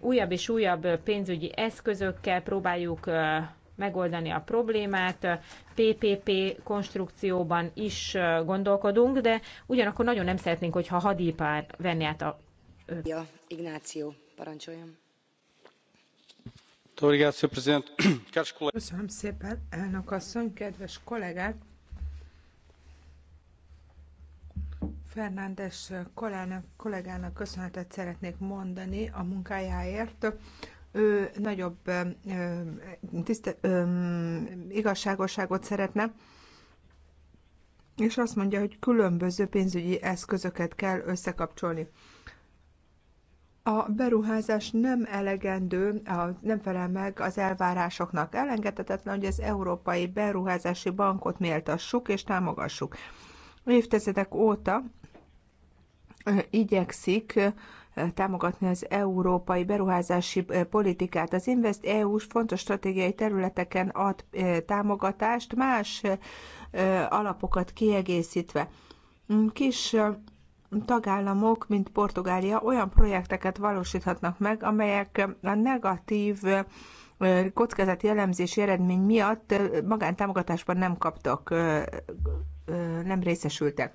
újabb és újabb pénzügyi eszközökkel próbáljuk megoldani a problémát. PPP konstrukcióban is gondolkodunk, de ugyanakkor nagyon nem szeretnénk, hogyha hadipár venni át a... Ja, Ignáció, parancsoljon. Köszönöm szépen, elnök asszony, kedves kollégák! Fernández kollégának köszönetet szeretnék mondani a munkájáért. Ő nagyobb tiszte, igazságosságot szeretne, és azt mondja, hogy különböző pénzügyi eszközöket kell összekapcsolni. A beruházás nem elegendő, nem felel meg az elvárásoknak. Elengedhetetlen, hogy az Európai Beruházási Bankot méltassuk és támogassuk. Évtizedek óta igyekszik támogatni az európai beruházási politikát. Az Invest EU fontos stratégiai területeken ad támogatást, más alapokat kiegészítve. Mm, kis tagállamok, mint Portugália olyan projekteket valósíthatnak meg, amelyek a negatív kockázati jellemzés eredmény miatt magántámogatásban nem kaptak, nem részesültek.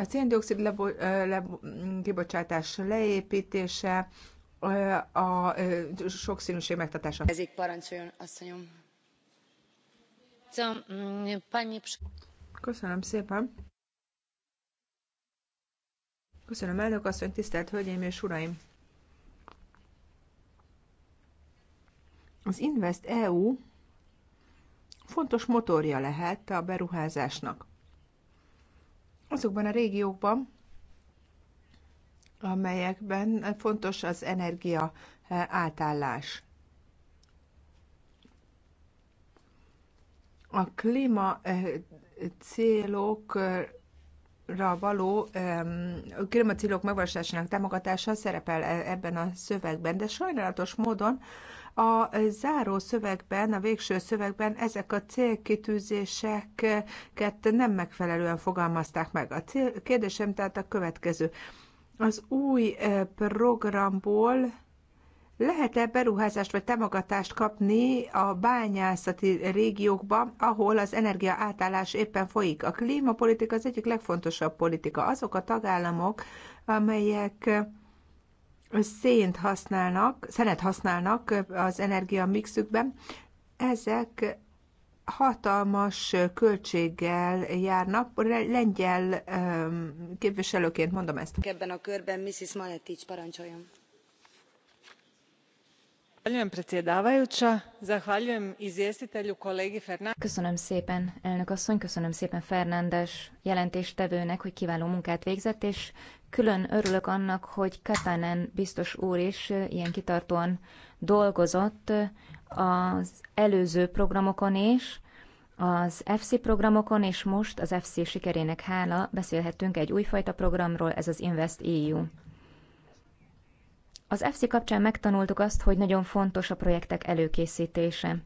A széndiokszid lebo- le- kibocsátás leépítése, a sokszínűség megtartása. Ez így parancsoljon, asszonyom. Szóval, mm, Köszönöm szépen. Köszönöm, elnök asszony, tisztelt hölgyeim és uraim! Az Invest EU fontos motorja lehet a beruházásnak azokban a régiókban, amelyekben fontos az energia eh, átállás. A klíma eh, célokra való a klímacélok megvalósításának támogatása szerepel eh, ebben a szövegben, de sajnálatos módon a záró szövegben, a végső szövegben ezek a célkitűzéseket nem megfelelően fogalmazták meg. A cél, kérdésem tehát a következő. Az új eh, programból lehet-e beruházást vagy támogatást kapni a bányászati régiókba, ahol az energia átállás éppen folyik? A klímapolitika az egyik legfontosabb politika. Azok a tagállamok, amelyek szént használnak, szenet használnak az energia mixükben, ezek hatalmas költséggel járnak. Lengyel képviselőként mondom ezt. Ebben a körben Mrs. Maletics parancsoljon. Köszönöm szépen, elnök asszony, köszönöm szépen Fernándes jelentéstevőnek, hogy kiváló munkát végzett, és Külön örülök annak, hogy Katanen biztos úr is ilyen kitartóan dolgozott az előző programokon is, az FC programokon, és most az FC sikerének hála beszélhetünk egy újfajta programról, ez az Invest EU. Az FC kapcsán megtanultuk azt, hogy nagyon fontos a projektek előkészítése,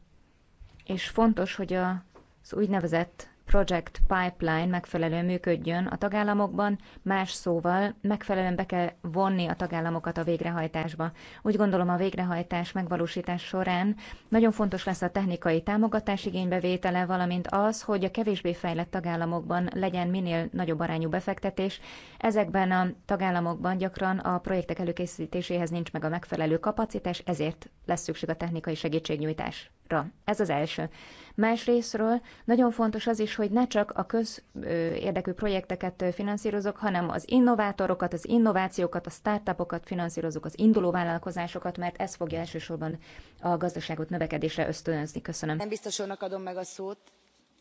és fontos, hogy az úgynevezett Project Pipeline megfelelően működjön a tagállamokban, más szóval megfelelően be kell vonni a tagállamokat a végrehajtásba. Úgy gondolom a végrehajtás megvalósítás során nagyon fontos lesz a technikai támogatás igénybevétele, valamint az, hogy a kevésbé fejlett tagállamokban legyen minél nagyobb arányú befektetés. Ezekben a tagállamokban gyakran a projektek előkészítéséhez nincs meg a megfelelő kapacitás, ezért lesz szükség a technikai segítségnyújtás ra. Ez az első. Más részről nagyon fontos az is, hogy ne csak a közérdekű projekteket finanszírozok, hanem az innovátorokat, az innovációkat, a startupokat finanszírozok, az induló vállalkozásokat, mert ez fogja elsősorban a gazdaságot növekedésre ösztönözni. Köszönöm. Nem biztos adom meg a szót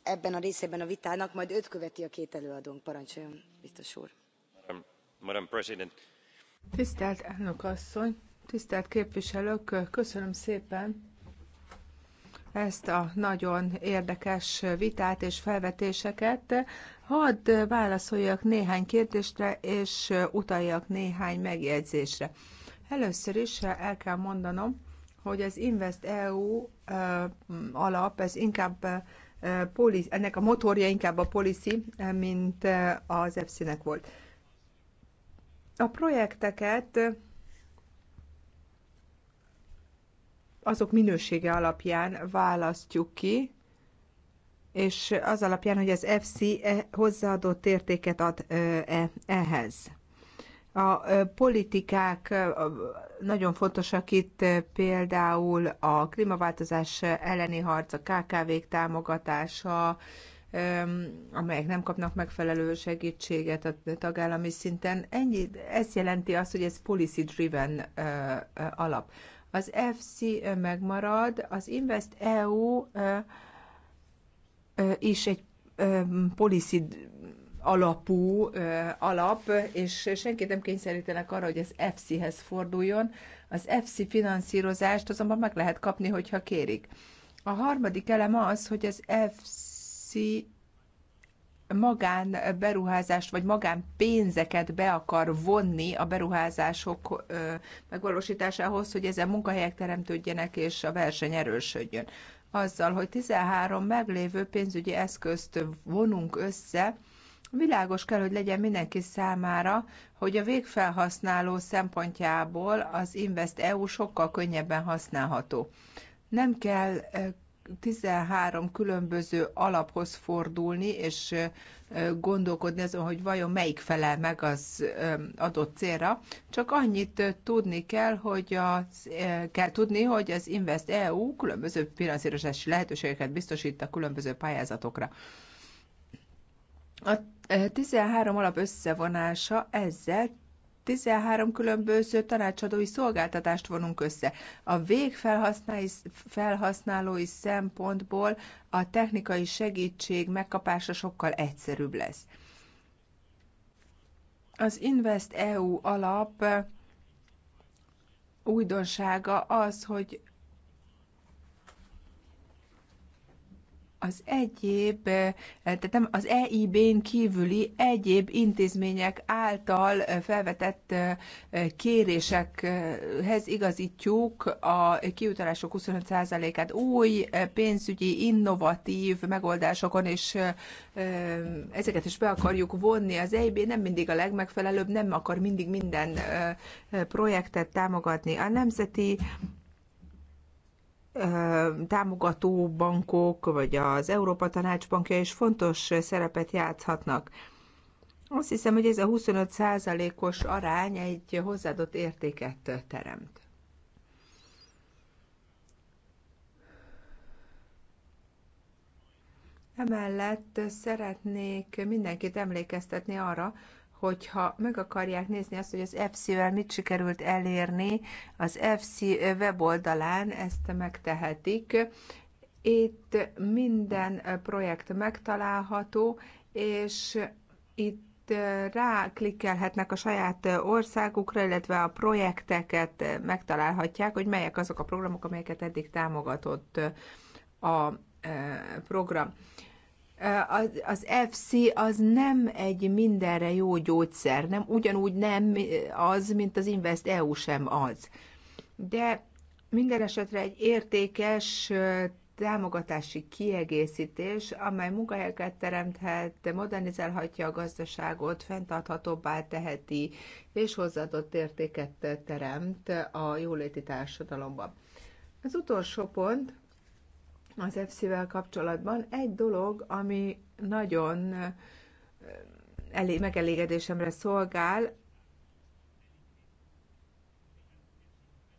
ebben a részében a vitának, majd őt követi a két előadónk. Parancsoljon, biztos úr. Madam President. Tisztelt elnök asszony, tisztelt képviselők, köszönöm szépen ezt a nagyon érdekes vitát és felvetéseket. Hadd válaszoljak néhány kérdésre, és utaljak néhány megjegyzésre. Először is el kell mondanom, hogy az Invest EU alap, ez inkább policy, ennek a motorja inkább a policy, mint az EFSZ-nek volt. A projekteket azok minősége alapján választjuk ki, és az alapján, hogy az FC e hozzáadott értéket ad e, ehhez. A politikák nagyon fontosak itt például a klímaváltozás elleni harc, a KKV-k támogatása, amelyek nem kapnak megfelelő segítséget a tagállami szinten. Ennyi, ez jelenti azt, hogy ez policy-driven alap az FC megmarad, az Invest EU is egy policy alapú alap, és senkit nem kényszerítenek arra, hogy az FC-hez forduljon. Az FC finanszírozást azonban meg lehet kapni, hogyha kérik. A harmadik elem az, hogy az FC magán beruházást vagy magán pénzeket be akar vonni a beruházások megvalósításához, hogy ezen munkahelyek teremtődjenek és a verseny erősödjön. Azzal, hogy 13 meglévő pénzügyi eszközt vonunk össze, világos kell, hogy legyen mindenki számára, hogy a végfelhasználó szempontjából az Invest EU sokkal könnyebben használható. Nem kell 13 különböző alaphoz fordulni, és gondolkodni azon, hogy vajon melyik felel meg az adott célra. Csak annyit tudni kell, hogy az, kell tudni, hogy az Invest EU különböző finanszírozási lehetőségeket biztosít a különböző pályázatokra. A 13 alap összevonása ezzel 13 különböző tanácsadói szolgáltatást vonunk össze. A végfelhasználói szempontból a technikai segítség megkapása sokkal egyszerűbb lesz. Az Invest EU alap újdonsága az, hogy az egyéb, eh, tehát nem az EIB-n kívüli egyéb intézmények által eh, felvetett eh, kérésekhez igazítjuk a kiutalások 25%-át új pénzügyi, innovatív megoldásokon, és ezeket is be akarjuk vonni. Az EIB nem mindig a legmegfelelőbb, nem akar mindig minden projektet támogatni. A nemzeti támogató bankok, vagy az Európa Tanács bankja is fontos szerepet játszhatnak. Azt hiszem, hogy ez a 25%-os arány egy hozzáadott értéket teremt. Emellett szeretnék mindenkit emlékeztetni arra, hogyha meg akarják nézni azt, hogy az FC-vel mit sikerült elérni, az FC weboldalán ezt megtehetik. Itt minden projekt megtalálható, és itt itt ráklikkelhetnek a saját országukra, illetve a projekteket megtalálhatják, hogy melyek azok a programok, amelyeket eddig támogatott a eh, program az FC az nem egy mindenre jó gyógyszer, nem ugyanúgy nem az, mint az Invest EU sem az. De minden esetre egy értékes támogatási kiegészítés, amely munkahelyeket teremthet, modernizálhatja a gazdaságot, fenntarthatóbbá teheti, és hozzáadott értéket teremt a jóléti társadalomban. Az utolsó pont, az fc vel kapcsolatban. Egy dolog, ami nagyon eh, elég, megelégedésemre szolgál,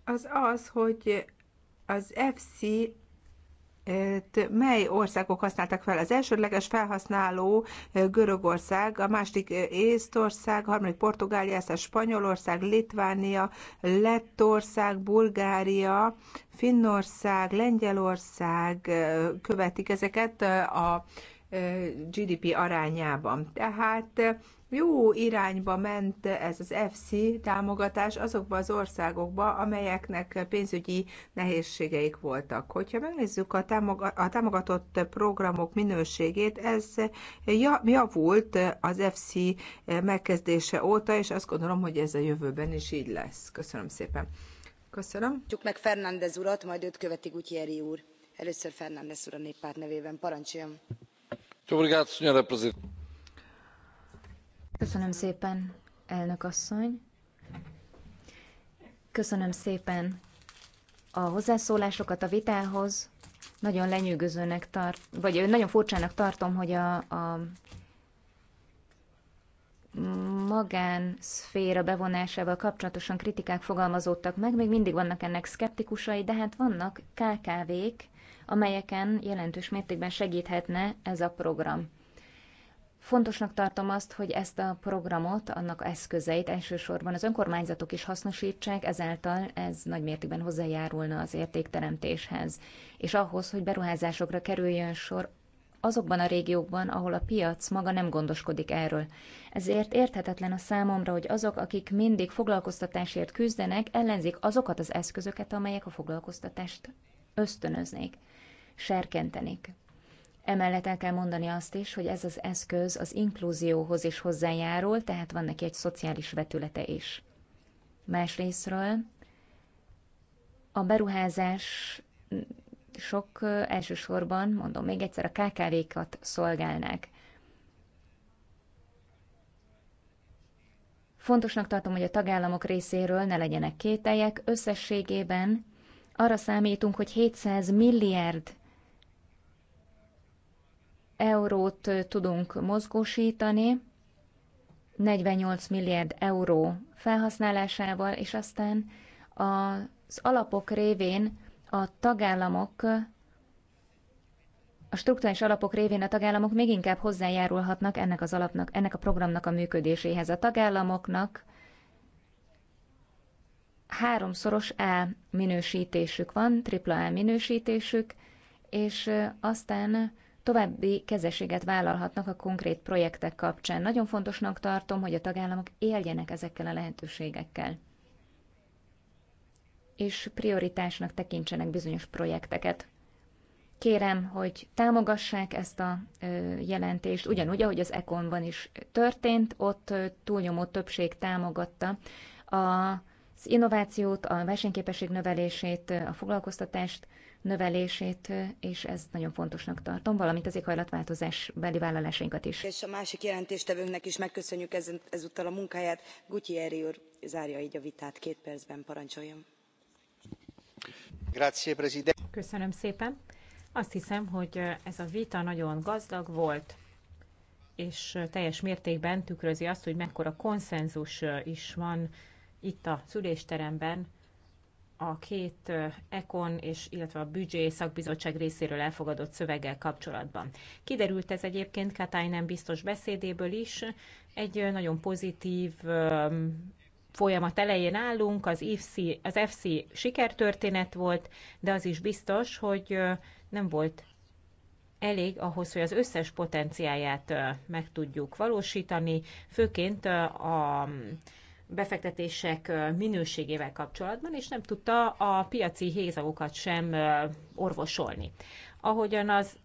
az az, hogy az FC mely országok használtak fel. Az elsődleges felhasználó Görögország, a második Észtország, a harmadik Portugália, a Spanyolország, Litvánia, Lettország, Bulgária, Finnország, Lengyelország követik ezeket a GDP arányában. Tehát jó irányba ment ez az FC támogatás azokba az országokba, amelyeknek pénzügyi nehézségeik voltak. Hogyha megnézzük a, a támogatott programok minőségét, ez javult az FC megkezdése óta, és azt gondolom, hogy ez a jövőben is így lesz. Köszönöm szépen. Köszönöm. Csuk meg Fernández urat, majd őt követi Gutieri úr. Először Fernández úr a néppárt nevében. Parancsoljon. Köszönöm szépen, elnök asszony. Köszönöm szépen a hozzászólásokat a vitához. Nagyon lenyűgözőnek tart, vagy nagyon furcsának tartom, hogy a, a magánszféra bevonásával kapcsolatosan kritikák fogalmazódtak meg, még mindig vannak ennek szkeptikusai, de hát vannak KKV-k, amelyeken jelentős mértékben segíthetne ez a program. Fontosnak tartom azt, hogy ezt a programot, annak eszközeit elsősorban az önkormányzatok is hasznosítsák, ezáltal ez nagy mértékben hozzájárulna az értékteremtéshez, és ahhoz, hogy beruházásokra kerüljön sor azokban a régiókban, ahol a piac maga nem gondoskodik erről. Ezért érthetetlen a számomra, hogy azok, akik mindig foglalkoztatásért küzdenek, ellenzik azokat az eszközöket, amelyek a foglalkoztatást ösztönöznék serkentenik. Emellett el kell mondani azt is, hogy ez az eszköz az inkluzióhoz is hozzájárul, tehát van neki egy szociális vetülete is. Másrésztről a beruházás sok elsősorban, mondom még egyszer, a KKV-kat szolgálnák. Fontosnak tartom, hogy a tagállamok részéről ne legyenek kételjek, összességében arra számítunk, hogy 700 milliárd eurót tudunk mozgósítani, 48 milliárd euró felhasználásával, és aztán az alapok révén a tagállamok, a struktúrális alapok révén a tagállamok még inkább hozzájárulhatnak ennek az alapnak, ennek a programnak a működéséhez. A tagállamoknak háromszoros A minősítésük van, tripla A minősítésük, és aztán további kezességet vállalhatnak a konkrét projektek kapcsán. Nagyon fontosnak tartom, hogy a tagállamok éljenek ezekkel a lehetőségekkel és prioritásnak tekintsenek bizonyos projekteket. Kérem, hogy támogassák ezt a jelentést, ugyanúgy, ahogy az Econban is történt, ott túlnyomó többség támogatta az innovációt, a versenyképesség növelését, a foglalkoztatást, növelését, és ezt nagyon fontosnak tartom, valamint az éghajlatváltozás beli vállalásainkat is. És a másik jelentéstevőnknek is megköszönjük ez, ezúttal a munkáját. Eri úr zárja így a vitát, két percben parancsoljon. Köszönöm szépen. Azt hiszem, hogy ez a vita nagyon gazdag volt, és teljes mértékben tükrözi azt, hogy mekkora konszenzus is van itt a szülésteremben a két ECON és illetve a büdzsé szakbizottság részéről elfogadott szöveggel kapcsolatban. Kiderült ez egyébként Katainen biztos beszédéből is. Egy nagyon pozitív folyamat elején állunk, az, IFC, az FC sikertörténet volt, de az is biztos, hogy nem volt elég ahhoz, hogy az összes potenciáját meg tudjuk valósítani, főként a befektetések minőségével kapcsolatban, és nem tudta a piaci hézagokat sem orvosolni. Ahogyan az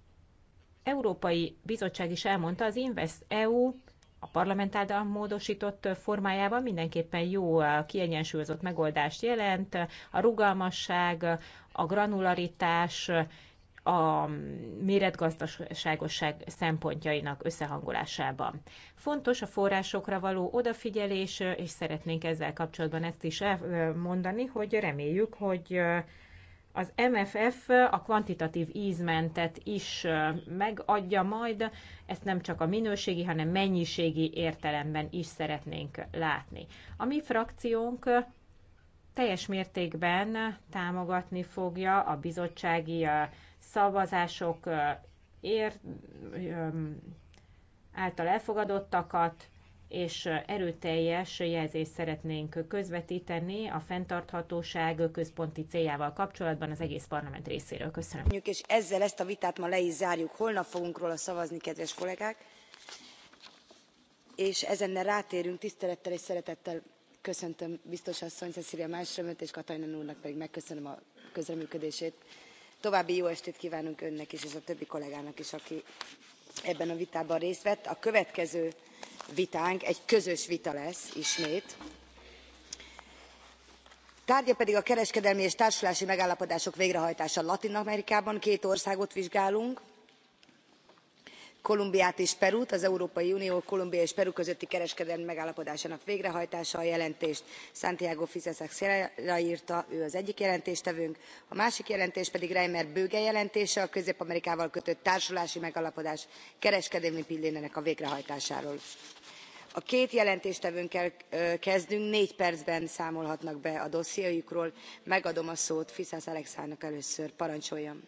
Európai Bizottság is elmondta, az Invest EU a parlament által módosított formájában mindenképpen jó, kiegyensúlyozott megoldást jelent. A rugalmasság, a granularitás a méretgazdaságosság szempontjainak összehangolásában. Fontos a forrásokra való odafigyelés, és szeretnénk ezzel kapcsolatban ezt is mondani, hogy reméljük, hogy az MFF a kvantitatív ízmentet is megadja majd, ezt nem csak a minőségi, hanem mennyiségi értelemben is szeretnénk látni. A mi frakciónk teljes mértékben támogatni fogja a bizottsági szavazások ér, által elfogadottakat, és erőteljes jelzést szeretnénk közvetíteni a fenntarthatóság központi céljával kapcsolatban az egész parlament részéről. Köszönöm. És ezzel ezt a vitát ma le is zárjuk. Holnap fogunk róla szavazni, kedves kollégák. És ezennel rátérünk tisztelettel és szeretettel köszöntöm biztos asszony Cecilia Másrömöt és Katajnen úrnak pedig megköszönöm a közreműködését további jó estét kvánunk önnek is és a többi kollégának is aki ebben a vitában részt vett. a következő vitánk egy közös vita lesz ismét tárgya pedig a kereskedelmi és társulási megállapodások végrehajtása latin amerikában két országot vizsgálunk kolumbiát és perut az európai unió kolumbia és peru közötti kereskedelmi megállapodásának végrehajtása a jelentést santiago fisas sierra rta ő az egyik jelentéstevőnk a másik jelentés pedig reimer bge jelentése a közép amerikával kötött társulási megállapodás kereskedelmi pillérének a végrehajtásáról. a két jelentéstevőnkkel kezdünk négy percben számolhatnak be a dossziéjukról megadom a szót fisas alexnak először parancsoljon!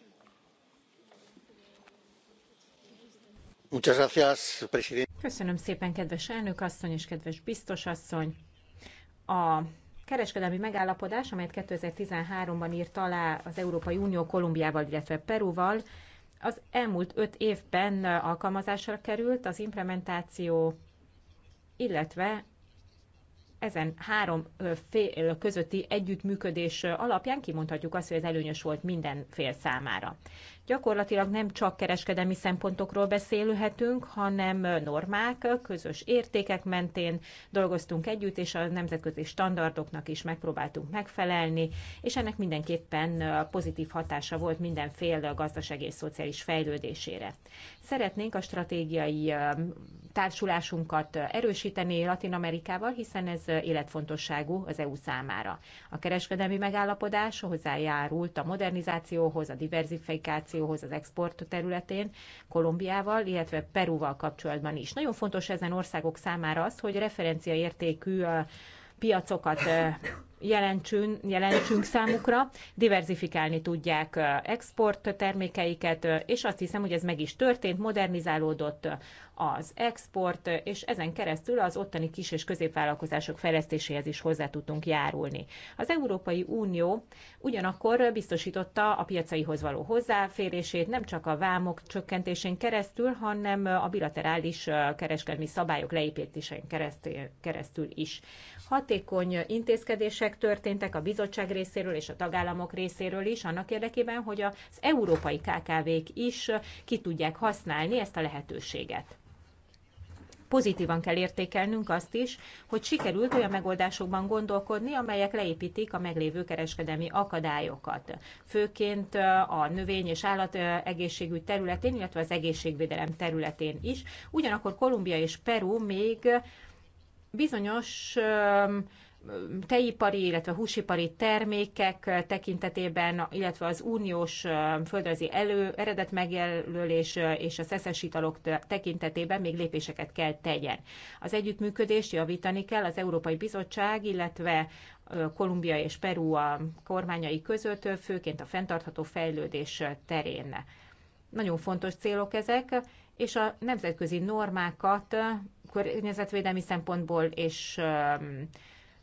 Köszönöm szépen, kedves elnök asszony és kedves biztos asszony. A kereskedelmi megállapodás, amelyet 2013-ban írt alá az Európai Unió Kolumbiával, illetve Peruval, az elmúlt öt évben alkalmazásra került az implementáció, illetve ezen három fél közötti együttműködés alapján kimondhatjuk azt, hogy ez előnyös volt minden fél számára. Gyakorlatilag nem csak kereskedelmi szempontokról beszélhetünk, hanem normák, közös értékek mentén dolgoztunk együtt, és a nemzetközi standardoknak is megpróbáltunk megfelelni, és ennek mindenképpen pozitív hatása volt minden fél gazdasági és szociális fejlődésére. Szeretnénk a stratégiai társulásunkat erősíteni Latin Amerikával, hiszen ez életfontosságú az EU számára. A kereskedelmi megállapodás hozzájárult a modernizációhoz, a diversifikációhoz az export területén Kolumbiával, illetve Perúval kapcsolatban is. Nagyon fontos ezen országok számára az, hogy referenciaértékű piacokat jelentsünk, jelentsünk számukra, diverzifikálni tudják export termékeiket, és azt hiszem, hogy ez meg is történt, modernizálódott az export, és ezen keresztül az ottani kis- és középvállalkozások fejlesztéséhez is hozzá tudtunk járulni. Az Európai Unió ugyanakkor biztosította a piacaihoz való hozzáférését nem csak a vámok csökkentésén keresztül, hanem a bilaterális kereskedelmi szabályok leépítésén keresztül is. Hatékony intézkedések történtek a bizottság részéről és a tagállamok részéről is, annak érdekében, hogy az európai KKV-k is ki tudják használni ezt a lehetőséget pozitívan kell értékelnünk azt is, hogy sikerült olyan megoldásokban gondolkodni, amelyek leépítik a meglévő kereskedelmi akadályokat. Főként eh, a növény- és állategészségügy eh, területén, illetve az egészségvédelem területén is. Ugyanakkor Kolumbia és Peru még eh, bizonyos tejipari, illetve húsipari termékek tekintetében, illetve az uniós földrajzi elő, eredet megjelölés és a szeszes italok tekintetében még lépéseket kell tegyen. Az együttműködést javítani kell az Európai Bizottság, illetve Kolumbia és Peru a kormányai között, főként a fenntartható fejlődés terén. Nagyon fontos célok ezek, és a nemzetközi normákat környezetvédelmi szempontból és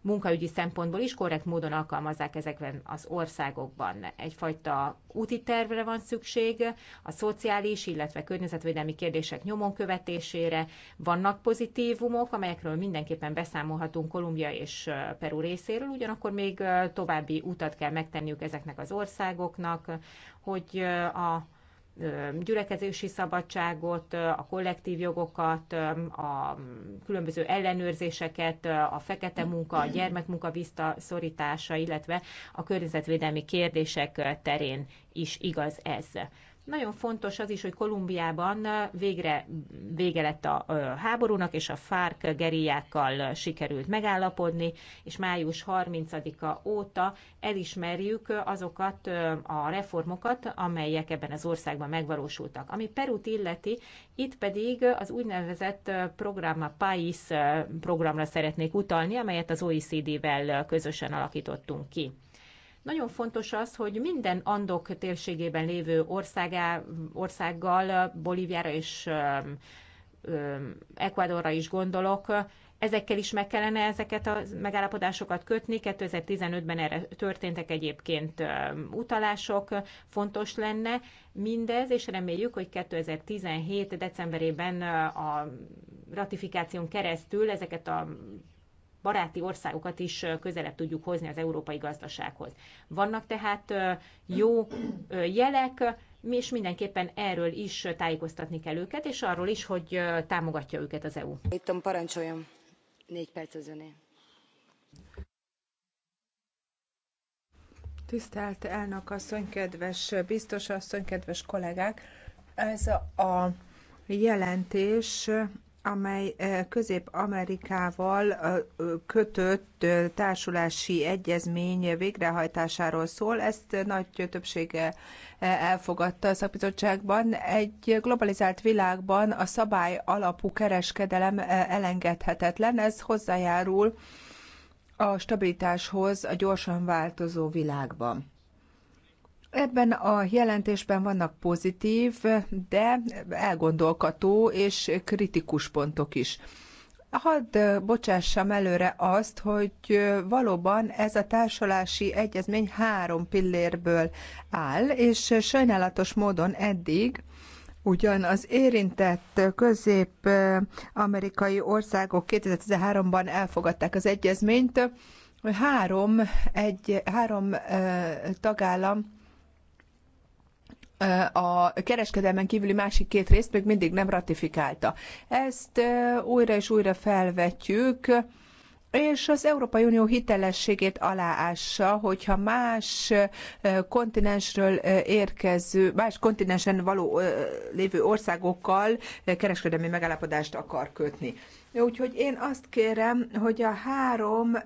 munkaügyi szempontból is korrekt módon alkalmazzák ezekben az országokban. Egyfajta úti tervre van szükség, a szociális, illetve környezetvédelmi kérdések nyomon követésére. Vannak pozitívumok, amelyekről mindenképpen beszámolhatunk Kolumbia és Peru részéről, ugyanakkor még további utat kell megtenniük ezeknek az országoknak, hogy a gyülekezési szabadságot, a kollektív jogokat, a különböző ellenőrzéseket, a fekete munka, a gyermekmunka visszaszorítása, illetve a környezetvédelmi kérdések terén is igaz ez. Nagyon fontos az is, hogy Kolumbiában végre vége lett a háborúnak, és a FARC geriákkal sikerült megállapodni, és május 30-a óta elismerjük azokat a reformokat, amelyek ebben az országban megvalósultak. Ami Perut illeti, itt pedig az úgynevezett programma PAIS programra szeretnék utalni, amelyet az OECD-vel közösen alakítottunk ki. Nagyon fontos az, hogy minden Andok térségében lévő országá, országgal, Bolíviára és Ecuadorra is gondolok, Ezekkel is meg kellene ezeket a megállapodásokat kötni. 2015-ben erre történtek egyébként utalások, fontos lenne mindez, és reméljük, hogy 2017. decemberében a ratifikáción keresztül ezeket a baráti országokat is közelebb tudjuk hozni az európai gazdasághoz. Vannak tehát jó jelek, és mindenképpen erről is tájékoztatni kell őket, és arról is, hogy támogatja őket az EU. Itt parancsoljam. Négy perc az öné. Tisztelt elnök asszony, kedves biztos asszony, kedves kollégák! Ez a jelentés amely eh, Közép-Amerikával eh, kötött eh, társulási egyezmény végrehajtásáról szól. Ezt nagy többsége elfogadta a szakbizottságban. Egy globalizált világban a szabály alapú kereskedelem elengedhetetlen. Ez hozzájárul a stabilitáshoz a gyorsan változó világban. Ebben a jelentésben vannak pozitív, de elgondolkató és kritikus pontok is. Hadd bocsássam előre azt, hogy valóban ez a társulási egyezmény három pillérből áll, és sajnálatos módon eddig Ugyan az érintett közép-amerikai országok 2013-ban elfogadták az egyezményt, három, egy, három tagállam a kereskedelmen kívüli másik két részt még mindig nem ratifikálta. Ezt újra és újra felvetjük és az Európai Unió hitelességét aláássa, hogyha más kontinensről érkező, más kontinensen való lévő országokkal kereskedelmi megállapodást akar kötni. Úgyhogy én azt kérem, hogy a három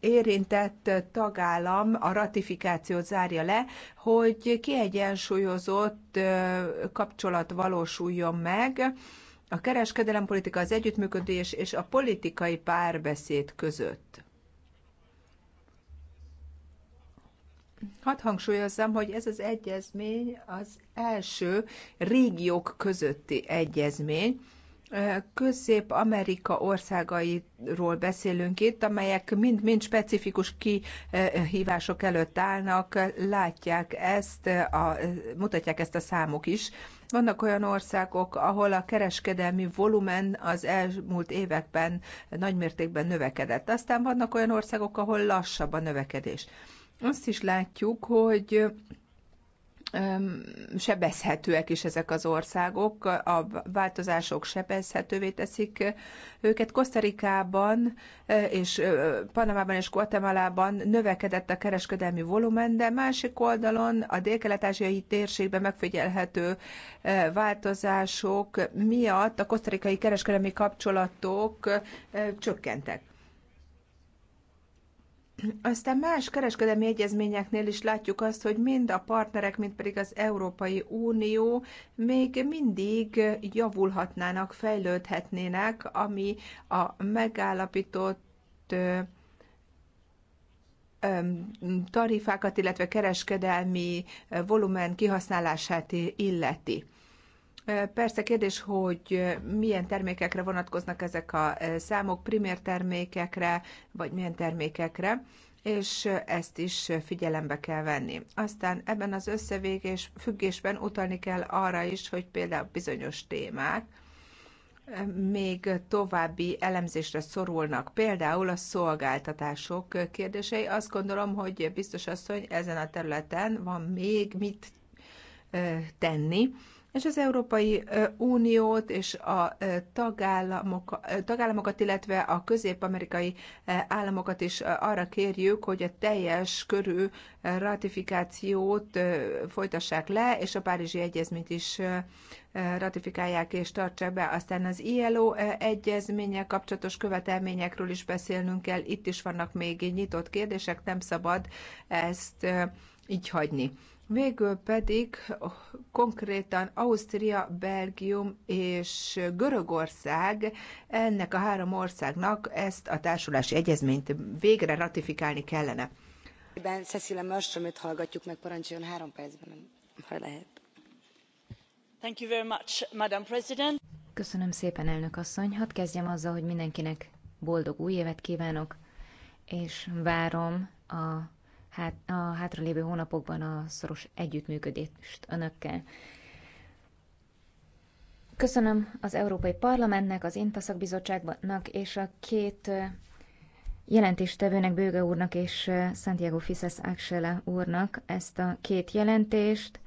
érintett tagállam a ratifikációt zárja le, hogy kiegyensúlyozott kapcsolat valósuljon meg, a kereskedelempolitika, az együttműködés és a politikai párbeszéd között. Hadd hangsúlyozzam, hogy ez az egyezmény az első régiók közötti egyezmény. Közép-Amerika országairól beszélünk itt, amelyek mind-mind specifikus kihívások előtt állnak, látják ezt, a, mutatják ezt a számok is vannak olyan országok, ahol a kereskedelmi volumen az elmúlt években nagymértékben növekedett. Aztán vannak olyan országok, ahol lassabb a növekedés. Azt is látjuk, hogy sebezhetőek is ezek az országok, a változások sebezhetővé teszik őket. Kosztarikában és Panamában és Guatemalában növekedett a kereskedelmi volumen, de másik oldalon a dél-kelet-ázsiai térségben megfigyelhető változások miatt a kosztarikai kereskedelmi kapcsolatok csökkentek. Aztán más kereskedelmi egyezményeknél is látjuk azt, hogy mind a partnerek, mint pedig az Európai Unió még mindig javulhatnának, fejlődhetnének, ami a megállapított tarifákat, illetve kereskedelmi volumen kihasználását illeti. Persze kérdés, hogy milyen termékekre vonatkoznak ezek a számok, primér termékekre, vagy milyen termékekre, és ezt is figyelembe kell venni. Aztán ebben az összevégés függésben utalni kell arra is, hogy például bizonyos témák még további elemzésre szorulnak, például a szolgáltatások kérdései. Azt gondolom, hogy biztos asszony ezen a területen van még mit tenni és az Európai Uniót és a tagállamok, tagállamokat, illetve a közép-amerikai államokat is arra kérjük, hogy a teljes körű ratifikációt folytassák le, és a Párizsi Egyezményt is ratifikálják és tartsák be. Aztán az ILO egyezménye kapcsolatos követelményekről is beszélnünk kell. Itt is vannak még nyitott kérdések, nem szabad ezt így hagyni. Végül pedig konkrétan Ausztria, Belgium és Görögország ennek a három országnak ezt a társulási egyezményt végre ratifikálni kellene. Ben Cecilia Mörströmöt hallgatjuk meg, parancsoljon három percben, ha lehet. Thank you very much, Madam President. Köszönöm szépen, elnök asszony. Hadd kezdjem azzal, hogy mindenkinek boldog új évet kívánok, és várom a hát, a hátralévő hónapokban a szoros együttműködést önökkel. Köszönöm az Európai Parlamentnek, az INTA szakbizottságnak és a két jelentéstevőnek, Bőge úrnak és Santiago Fisesz Axele úrnak ezt a két jelentést.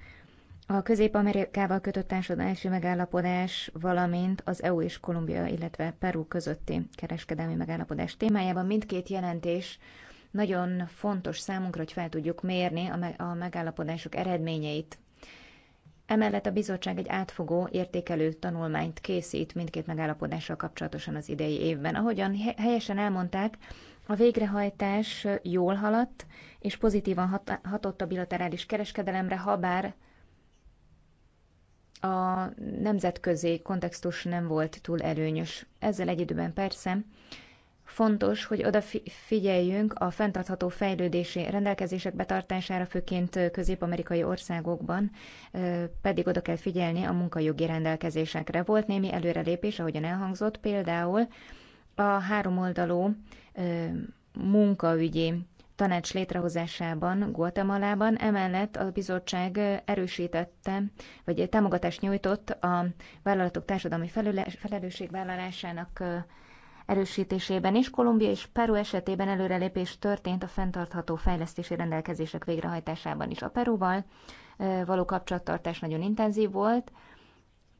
A Közép-Amerikával kötött társadalmi megállapodás, valamint az EU és Kolumbia, illetve Peru közötti kereskedelmi megállapodás témájában mindkét jelentés nagyon fontos számunkra, hogy fel tudjuk mérni a megállapodások eredményeit. Emellett a bizottság egy átfogó értékelő tanulmányt készít mindkét megállapodással kapcsolatosan az idei évben. Ahogyan helyesen elmondták, a végrehajtás jól haladt, és pozitívan hat- hatott a bilaterális kereskedelemre, ha bár a nemzetközi kontextus nem volt túl előnyös. Ezzel egy időben persze Fontos, hogy odafigyeljünk a fenntartható fejlődési rendelkezések betartására, főként közép-amerikai országokban, pedig oda kell figyelni a munkajogi rendelkezésekre. Volt némi előrelépés, ahogyan elhangzott, például a háromoldalú munkaügyi tanács létrehozásában, Guatemalában, emellett a bizottság erősítette, vagy támogatást nyújtott a vállalatok társadalmi felelősségvállalásának erősítésében is. Kolumbia és Peru esetében előrelépés történt a fenntartható fejlesztési rendelkezések végrehajtásában is. A Peruval való kapcsolattartás nagyon intenzív volt.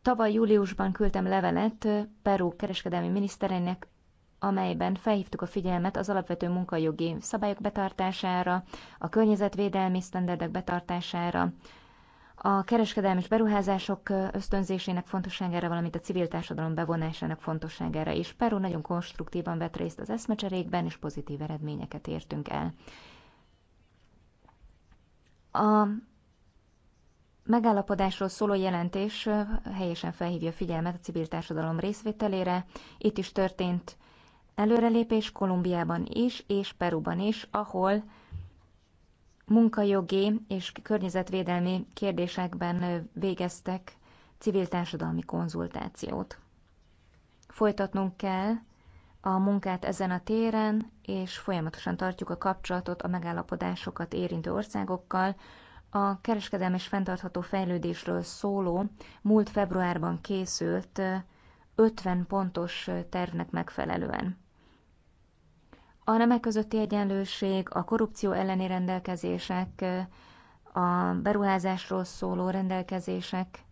Tavaly júliusban küldtem levelet Peru kereskedelmi miniszterének, amelyben felhívtuk a figyelmet az alapvető munkajogi szabályok betartására, a környezetvédelmi sztenderdek betartására, a kereskedelmi és beruházások ösztönzésének fontosságára, valamint a civil társadalom bevonásának fontosságára is. Peru nagyon konstruktívan vett részt az eszmecserékben, és pozitív eredményeket értünk el. A megállapodásról szóló jelentés helyesen felhívja figyelmet a civil társadalom részvételére. Itt is történt előrelépés Kolumbiában is, és Peruban is, ahol munkajogi és környezetvédelmi kérdésekben végeztek civil társadalmi konzultációt. Folytatnunk kell a munkát ezen a téren, és folyamatosan tartjuk a kapcsolatot a megállapodásokat érintő országokkal. A kereskedelmi és fenntartható fejlődésről szóló múlt februárban készült 50 pontos tervnek megfelelően. A nemek közötti egyenlőség, a korrupció elleni rendelkezések, a beruházásról szóló rendelkezések,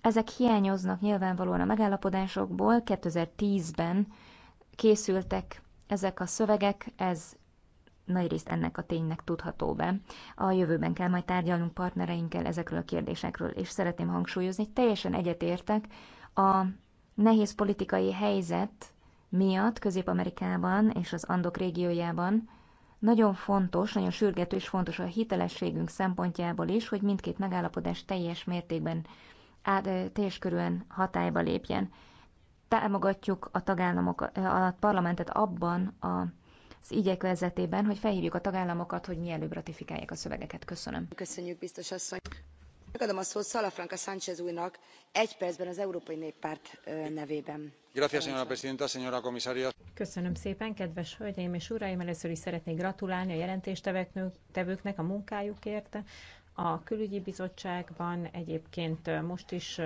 ezek hiányoznak nyilvánvalóan a megállapodásokból. 2010-ben készültek ezek a szövegek, ez nagyrészt ennek a ténynek tudható be. A jövőben kell majd tárgyalnunk partnereinkkel ezekről a kérdésekről, és szeretném hangsúlyozni, teljesen egyetértek a nehéz politikai helyzet miatt Közép-Amerikában és az Andok régiójában nagyon fontos, nagyon sürgető és fontos a hitelességünk szempontjából is, hogy mindkét megállapodás teljes mértékben, át, teljes körűen hatályba lépjen. Támogatjuk a tagállamok, a parlamentet abban a az igyekvezetében, hogy felhívjuk a tagállamokat, hogy mielőbb ratifikálják a szövegeket. Köszönöm. Köszönjük, biztos asszony señora presidenta señora comisaria köszönöm szépen kedves és uraim először is szeretnék gratulálni a jelentéstevőknek a munkájukért a külügyi bizottságban egyébként most is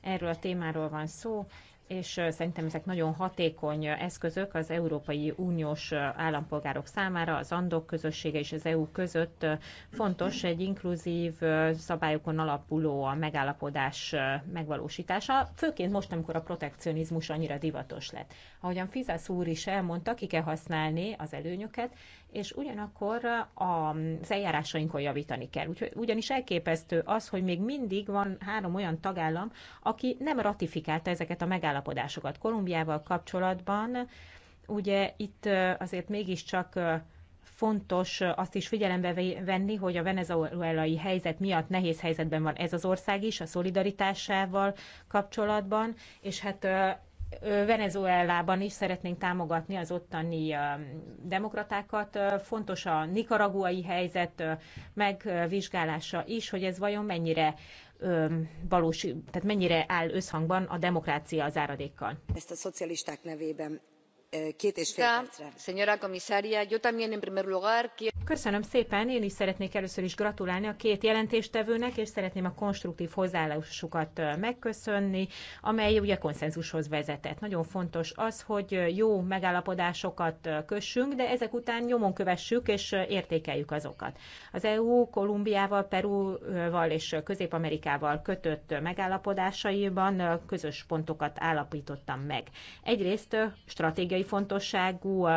erről a témáról van szó és szerintem ezek nagyon hatékony eszközök az Európai Uniós állampolgárok számára, az Andok közössége és az EU között fontos egy inkluzív szabályokon alapuló a megállapodás megvalósítása, főként most, amikor a protekcionizmus annyira divatos lett. Ahogyan Fizász úr is elmondta, ki kell használni az előnyöket, és ugyanakkor az eljárásainkon javítani kell. Ugyanis elképesztő az, hogy még mindig van három olyan tagállam, aki nem ratifikálta ezeket a megállapodásokat. Kolumbiával kapcsolatban ugye itt azért mégiscsak fontos azt is figyelembe venni, hogy a venezuelai helyzet miatt nehéz helyzetben van ez az ország is, a szolidaritásával kapcsolatban, és hát Venezuelában is szeretnénk támogatni az ottani demokratákat. Fontos a nikaraguai helyzet megvizsgálása is, hogy ez vajon mennyire valós, tehát mennyire áll összhangban a demokrácia az áradékkal. Ezt a szocialisták nevében Köszönöm szépen, én is szeretnék először is gratulálni a két jelentéstevőnek, és szeretném a konstruktív hozzáállásukat megköszönni, amely ugye konszenzushoz vezetett. Nagyon fontos az, hogy jó megállapodásokat kössünk, de ezek után nyomon kövessük és értékeljük azokat. Az EU Kolumbiával, Perúval és Közép-Amerikával kötött megállapodásaiban közös pontokat állapítottam meg. Egyrészt stratégiai stratégiai fontosságú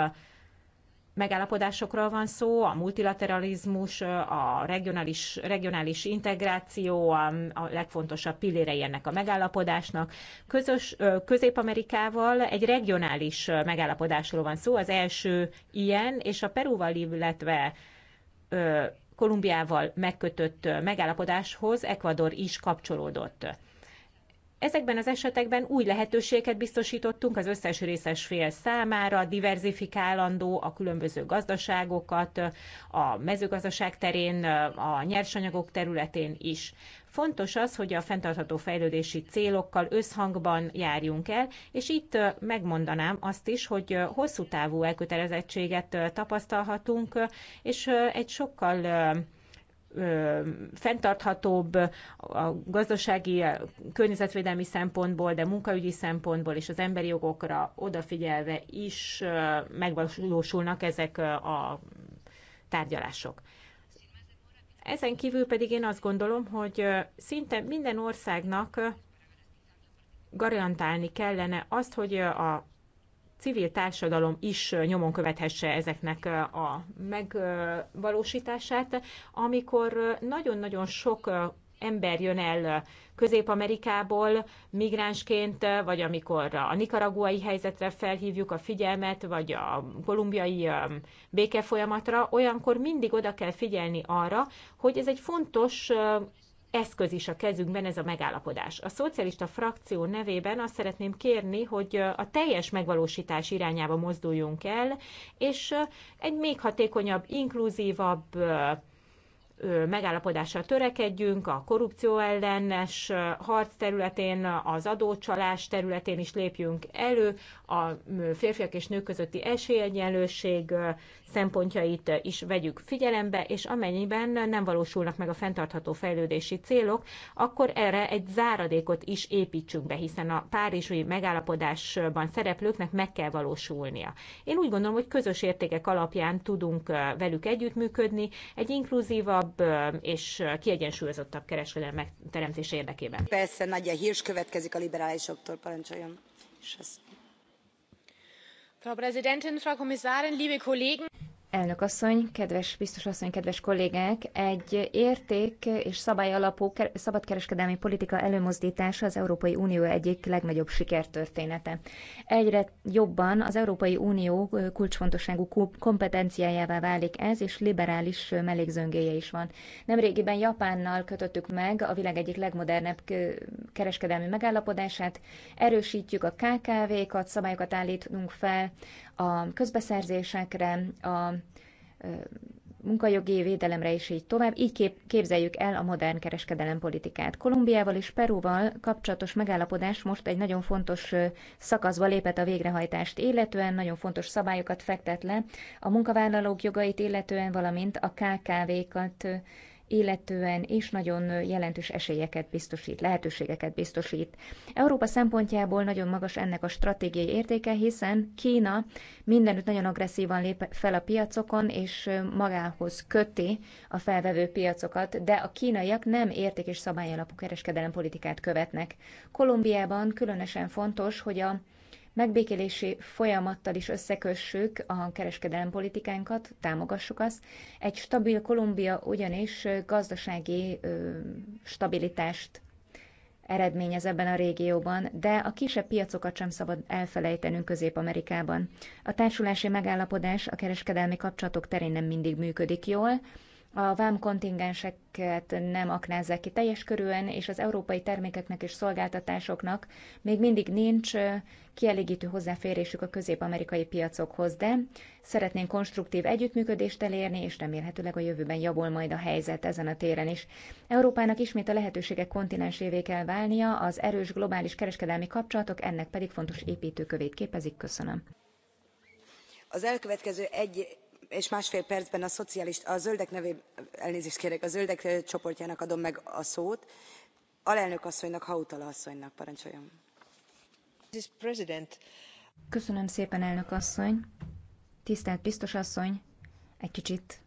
megállapodásokról van szó, a multilateralizmus, a regionális, regionális integráció a, a legfontosabb pillérei ennek a megállapodásnak. Közös, Közép-Amerikával egy regionális megállapodásról van szó, az első ilyen, és a Perúval, illetve Kolumbiával megkötött megállapodáshoz Ecuador is kapcsolódott. Ezekben az esetekben új lehetőséget biztosítottunk az összes részes fél számára, diverzifikálandó a különböző gazdaságokat, a mezőgazdaság terén, a nyersanyagok területén is. Fontos az, hogy a fenntartható fejlődési célokkal összhangban járjunk el, és itt megmondanám azt is, hogy hosszú távú elkötelezettséget tapasztalhatunk, és egy sokkal fenntarthatóbb a gazdasági, környezetvédelmi szempontból, de munkaügyi szempontból és az emberi jogokra odafigyelve is megvalósulnak ezek a tárgyalások. Ezen kívül pedig én azt gondolom, hogy szinte minden országnak garantálni kellene azt, hogy a civil társadalom is nyomon követhesse ezeknek a megvalósítását, amikor nagyon-nagyon sok ember jön el Közép-Amerikából migránsként, vagy amikor a nikaraguai helyzetre felhívjuk a figyelmet, vagy a kolumbiai békefolyamatra, olyankor mindig oda kell figyelni arra, hogy ez egy fontos eszköz is a kezünkben ez a megállapodás. A szocialista frakció nevében azt szeretném kérni, hogy a teljes megvalósítás irányába mozduljunk el, és egy még hatékonyabb, inkluzívabb megállapodásra törekedjünk, a korrupció ellenes harc területén, az adócsalás területén is lépjünk elő, a férfiak és nők közötti esélyegyenlőség szempontjait is vegyük figyelembe, és amennyiben nem valósulnak meg a fenntartható fejlődési célok, akkor erre egy záradékot is építsünk be, hiszen a párizsi megállapodásban szereplőknek meg kell valósulnia. Én úgy gondolom, hogy közös értékek alapján tudunk velük együttműködni egy inkluzívabb és kiegyensúlyozottabb kereskedelem megteremtése érdekében. Persze, Nagy a Hírs következik a liberálisoktól, parancsoljon. frau präsidentin frau kommissarin liebe kollegen! Elnök asszony, kedves biztos asszony, kedves kollégák, egy érték és szabály alapú szabadkereskedelmi politika előmozdítása az Európai Unió egyik legnagyobb sikertörténete. Egyre jobban az Európai Unió kulcsfontosságú kompetenciájává válik ez, és liberális mellékzöngéje is van. Nemrégiben Japánnal kötöttük meg a világ egyik legmodernebb kereskedelmi megállapodását, erősítjük a KKV-kat, szabályokat állítunk fel a közbeszerzésekre, a munkajogi védelemre és így tovább. Így képzeljük el a modern politikát. Kolumbiával és Perúval kapcsolatos megállapodás most egy nagyon fontos szakaszba lépett a végrehajtást illetően, nagyon fontos szabályokat fektet le a munkavállalók jogait illetően, valamint a KKV-kat illetően is nagyon jelentős esélyeket biztosít, lehetőségeket biztosít. Európa szempontjából nagyon magas ennek a stratégiai értéke, hiszen Kína mindenütt nagyon agresszívan lép fel a piacokon, és magához köti a felvevő piacokat, de a kínaiak nem érték és szabályalapú kereskedelem politikát követnek. Kolumbiában különösen fontos, hogy a megbékélési folyamattal is összekössük a kereskedelem politikánkat, támogassuk azt. Egy stabil Kolumbia ugyanis gazdasági stabilitást eredményez ebben a régióban, de a kisebb piacokat sem szabad elfelejtenünk Közép-Amerikában. A társulási megállapodás a kereskedelmi kapcsolatok terén nem mindig működik jól, a vám kontingenseket nem aknázzák ki teljes körűen, és az európai termékeknek és szolgáltatásoknak még mindig nincs kielégítő hozzáférésük a közép-amerikai piacokhoz, de szeretnénk konstruktív együttműködést elérni, és remélhetőleg a jövőben javul majd a helyzet ezen a téren is. Európának ismét a lehetőségek kontinensévé kell válnia, az erős globális kereskedelmi kapcsolatok ennek pedig fontos építőkövét képezik. Köszönöm. Az elkövetkező egy és másfél percben a szocialista a zöldek nevében elnézést kérek a zöldek csoportjának adom meg a szót alelnök asszonynak hautala asszonynak parancsoljon. köszönöm szépen elnök asszony tisztelt biztos asszony egy kicsit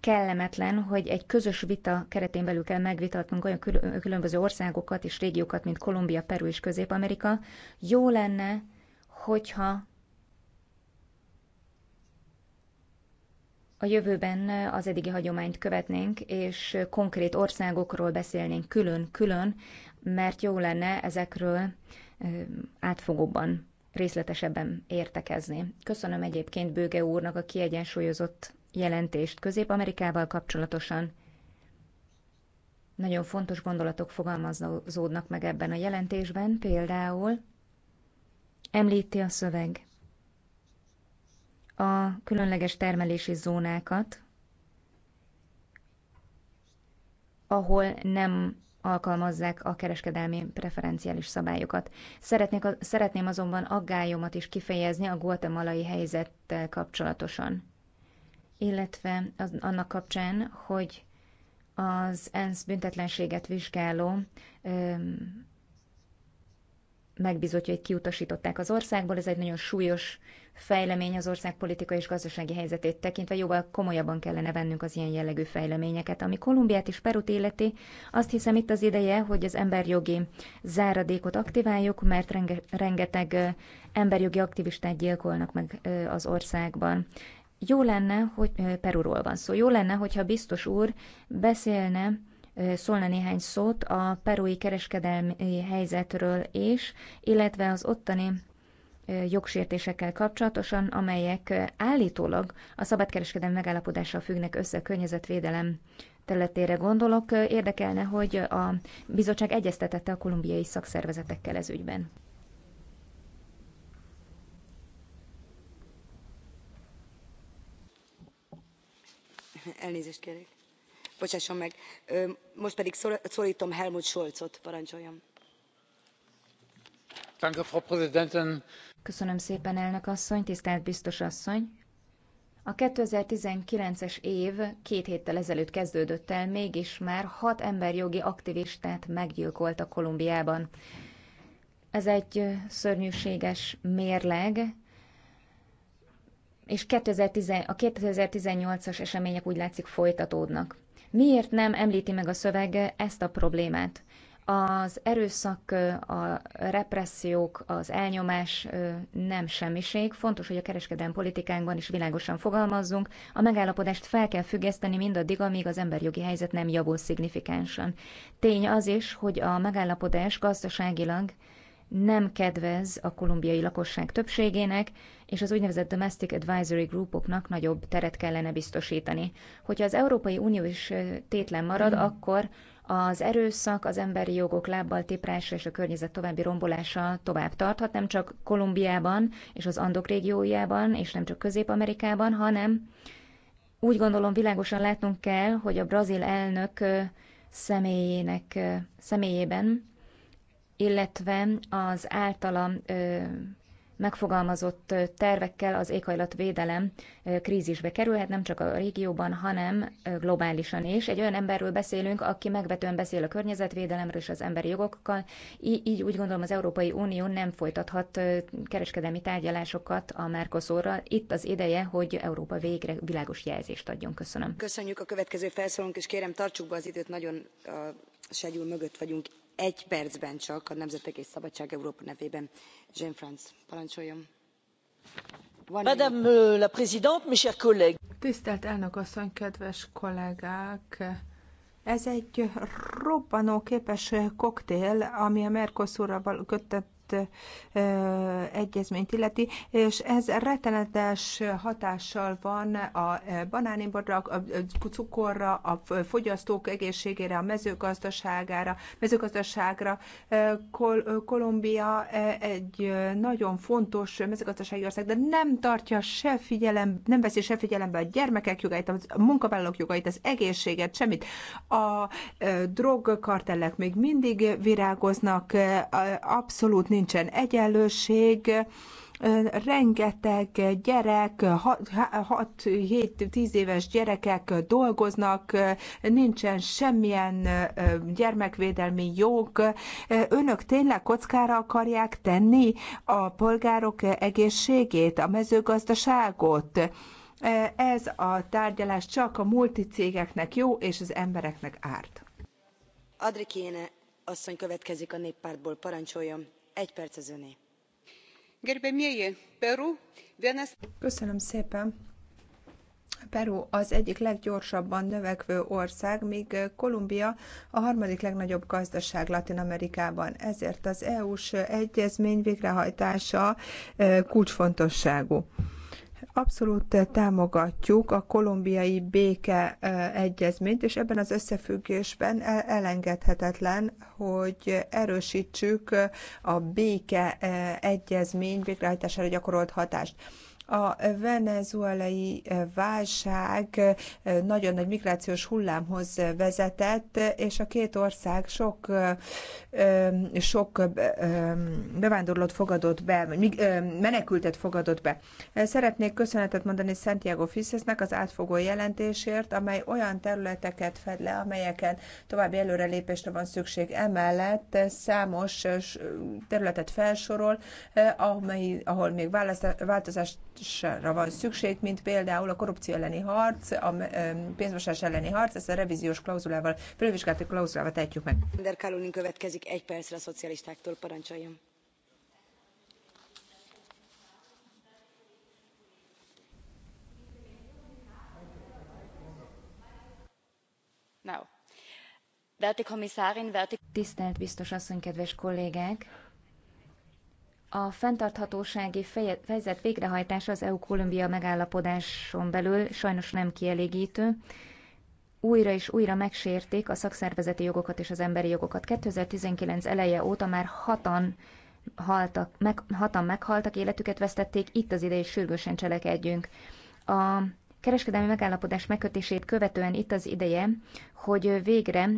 kellemetlen, hogy egy közös vita keretén belül kell megvitatnunk olyan különböző országokat és régiókat, mint Kolumbia, Peru és Közép-Amerika. Jó lenne, hogyha a jövőben az eddigi hagyományt követnénk, és konkrét országokról beszélnénk külön-külön, mert jó lenne ezekről átfogóban, részletesebben értekezni. Köszönöm egyébként Bőge úrnak a kiegyensúlyozott jelentést Közép-Amerikával kapcsolatosan. Nagyon fontos gondolatok fogalmazódnak meg ebben a jelentésben, például említi a szöveg a különleges termelési zónákat, ahol nem alkalmazzák a kereskedelmi preferenciális szabályokat. Szeretnék, szeretném azonban aggályomat is kifejezni a guatemalai helyzettel kapcsolatosan, illetve az, annak kapcsán, hogy az ENSZ büntetlenséget vizsgáló hogy kiutasították az országból. Ez egy nagyon súlyos fejlemény az ország politikai és gazdasági helyzetét tekintve. Jóval komolyabban kellene vennünk az ilyen jellegű fejleményeket. Ami Kolumbiát és Perut életi, azt hiszem itt az ideje, hogy az emberjogi záradékot aktiváljuk, mert renge, rengeteg emberjogi aktivistát gyilkolnak meg az országban. Jó lenne, hogy Perúról van szó. Jó lenne, hogyha biztos úr beszélne szólna néhány szót a perui kereskedelmi helyzetről és, illetve az ottani jogsértésekkel kapcsolatosan, amelyek állítólag a szabadkereskedelmi megállapodással függnek össze a környezetvédelem területére gondolok. Érdekelne, hogy a bizottság egyeztetette a kolumbiai szakszervezetekkel ez ügyben. Elnézést kérek bocsásson meg most pedig szóltom helmut scholzot parancsoljon! köszönöm szépen elnök asszony tisztelt biztos asszony! a two thousand and nineteen es év két héttel ezelőtt kezdődött el mégis már hat emberjogi aktivistát meggyilkoltak kolumbiában. ez egy szörnyűséges mérleg és a 2018-as események úgy látszik folytatódnak. Miért nem említi meg a szövege ezt a problémát? Az erőszak, a repressziók, az elnyomás nem semmiség. Fontos, hogy a kereskedelmi politikánkban is világosan fogalmazzunk. A megállapodást fel kell függeszteni mindaddig, amíg az emberjogi helyzet nem javul szignifikánsan. Tény az is, hogy a megállapodás gazdaságilag nem kedvez a kolumbiai lakosság többségének, és az úgynevezett domestic advisory groupoknak nagyobb teret kellene biztosítani. Hogyha az Európai Unió is tétlen marad, mm. akkor az erőszak, az emberi jogok lábbal tiprása és a környezet további rombolása tovább tarthat, nem csak Kolumbiában és az Andok régiójában, és nem csak Közép-Amerikában, hanem úgy gondolom világosan látnunk kell, hogy a brazil elnök személyének, személyében, illetve az általam megfogalmazott tervekkel az éghajlatvédelem krízisbe kerülhet, nem csak a régióban, hanem globálisan is. Egy olyan emberről beszélünk, aki megvetően beszél a környezetvédelemről és az emberi jogokkal, így úgy gondolom az Európai Unió nem folytathat kereskedelmi tárgyalásokat a Mercosurral. Itt az ideje, hogy Európa végre világos jelzést adjon. Köszönöm. Köszönjük a következő felszólónk, és kérem tartsuk be az időt, nagyon a mögött vagyunk egy csak a nemzetek szabadság európa nevében france madame euh, la présidente mes chers collègues tisztelt elnök asszony kedves kollégák! ez egy robbanóképes koktél ami a mercosurral kötött egyezményt illeti, és ez rettenetes hatással van a banánimportra, a cukorra, a fogyasztók egészségére, a mezőgazdaságára, mezőgazdaságra. Kol- Kolumbia egy nagyon fontos mezőgazdasági ország, de nem tartja se figyelem, nem veszi se figyelembe a gyermekek jogait, a munkavállalók jogait, az egészséget, semmit. A drogkartellek még mindig virágoznak, abszolút nincsen egyenlőség, rengeteg gyerek, 6-7-10 éves gyerekek dolgoznak, nincsen semmilyen gyermekvédelmi jog. Önök tényleg kockára akarják tenni a polgárok egészségét, a mezőgazdaságot? Ez a tárgyalás csak a multicégeknek jó, és az embereknek árt. Adrikéne asszony következik a néppártból, parancsoljon Köszönöm szépen. Peru az egyik leggyorsabban növekvő ország, míg Kolumbia a harmadik legnagyobb gazdaság Latin Amerikában. Ezért az EU-s egyezmény végrehajtása eh, kulcsfontosságú. Abszolút eh, támogatjuk a kolumbiai béke eh, egyezményt, és ebben az összefüggésben e-, elengedhetetlen, hogy erősítsük eh, a béke egyezmény végrehajtására gyakorolt hatást. A venezuelai válság eh, nagyon nagy migrációs hullámhoz vezetett, és a két ország sok, eh, eh, sok bevándorlót fogadott be, vagy menekültet fogadott be. Szeretnék köszönetet mondani Santiago Fiszesnek az átfogó jelentésért, amely olyan területeket fed le, amelyeken további előrelépésre van szükség. Emellett számos területet felsorol, amely, ahol még változás harcra van szükség, mint például a korrupció elleni harc, a pénzmosás elleni harc, ezt a revíziós klauzulával, fölvizsgálati klauzulával tehetjük meg. Ender Kalunin következik egy percre a szocialistáktól, parancsoljon. Tisztelt biztos asszony, kedves kollégák! A fenntarthatósági fejezet végrehajtása az EU-Kolumbia megállapodáson belül sajnos nem kielégítő. Újra és újra megsérték a szakszervezeti jogokat és az emberi jogokat. 2019 eleje óta már hatan haltak, meg, hatan meghaltak, életüket vesztették, itt az ideje, sürgősen cselekedjünk. A kereskedelmi megállapodás megkötését követően itt az ideje, hogy végre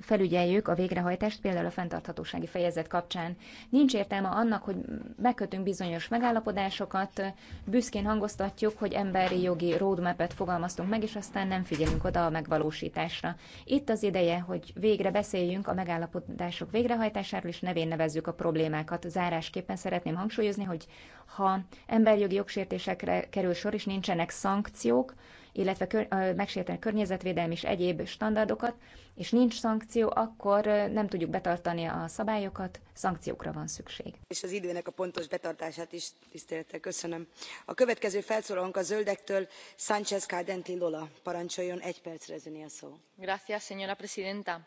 felügyeljük a végrehajtást, például a fenntarthatósági fejezet kapcsán. Nincs értelme annak, hogy megkötünk bizonyos megállapodásokat, büszkén hangoztatjuk, hogy emberi jogi roadmap-et fogalmaztunk meg, és aztán nem figyelünk oda a megvalósításra. Itt az ideje, hogy végre beszéljünk a megállapodások végrehajtásáról, és nevén nevezzük a problémákat. Zárásképpen szeretném hangsúlyozni, hogy ha emberi jogi jogsértésekre kerül sor, és nincsenek szankciók, illetve kör, megsérteni környezetvédelmi és egyéb standardokat, és nincs szankció, akkor nem tudjuk betartani a szabályokat, szankciókra van szükség. És az időnek a pontos betartását is tisztelettel köszönöm. A következő felszólalónk a zöldektől Sánchez Caldenti Lola. Parancsoljon, egy percre zöni a szó. Gracias, señora presidenta.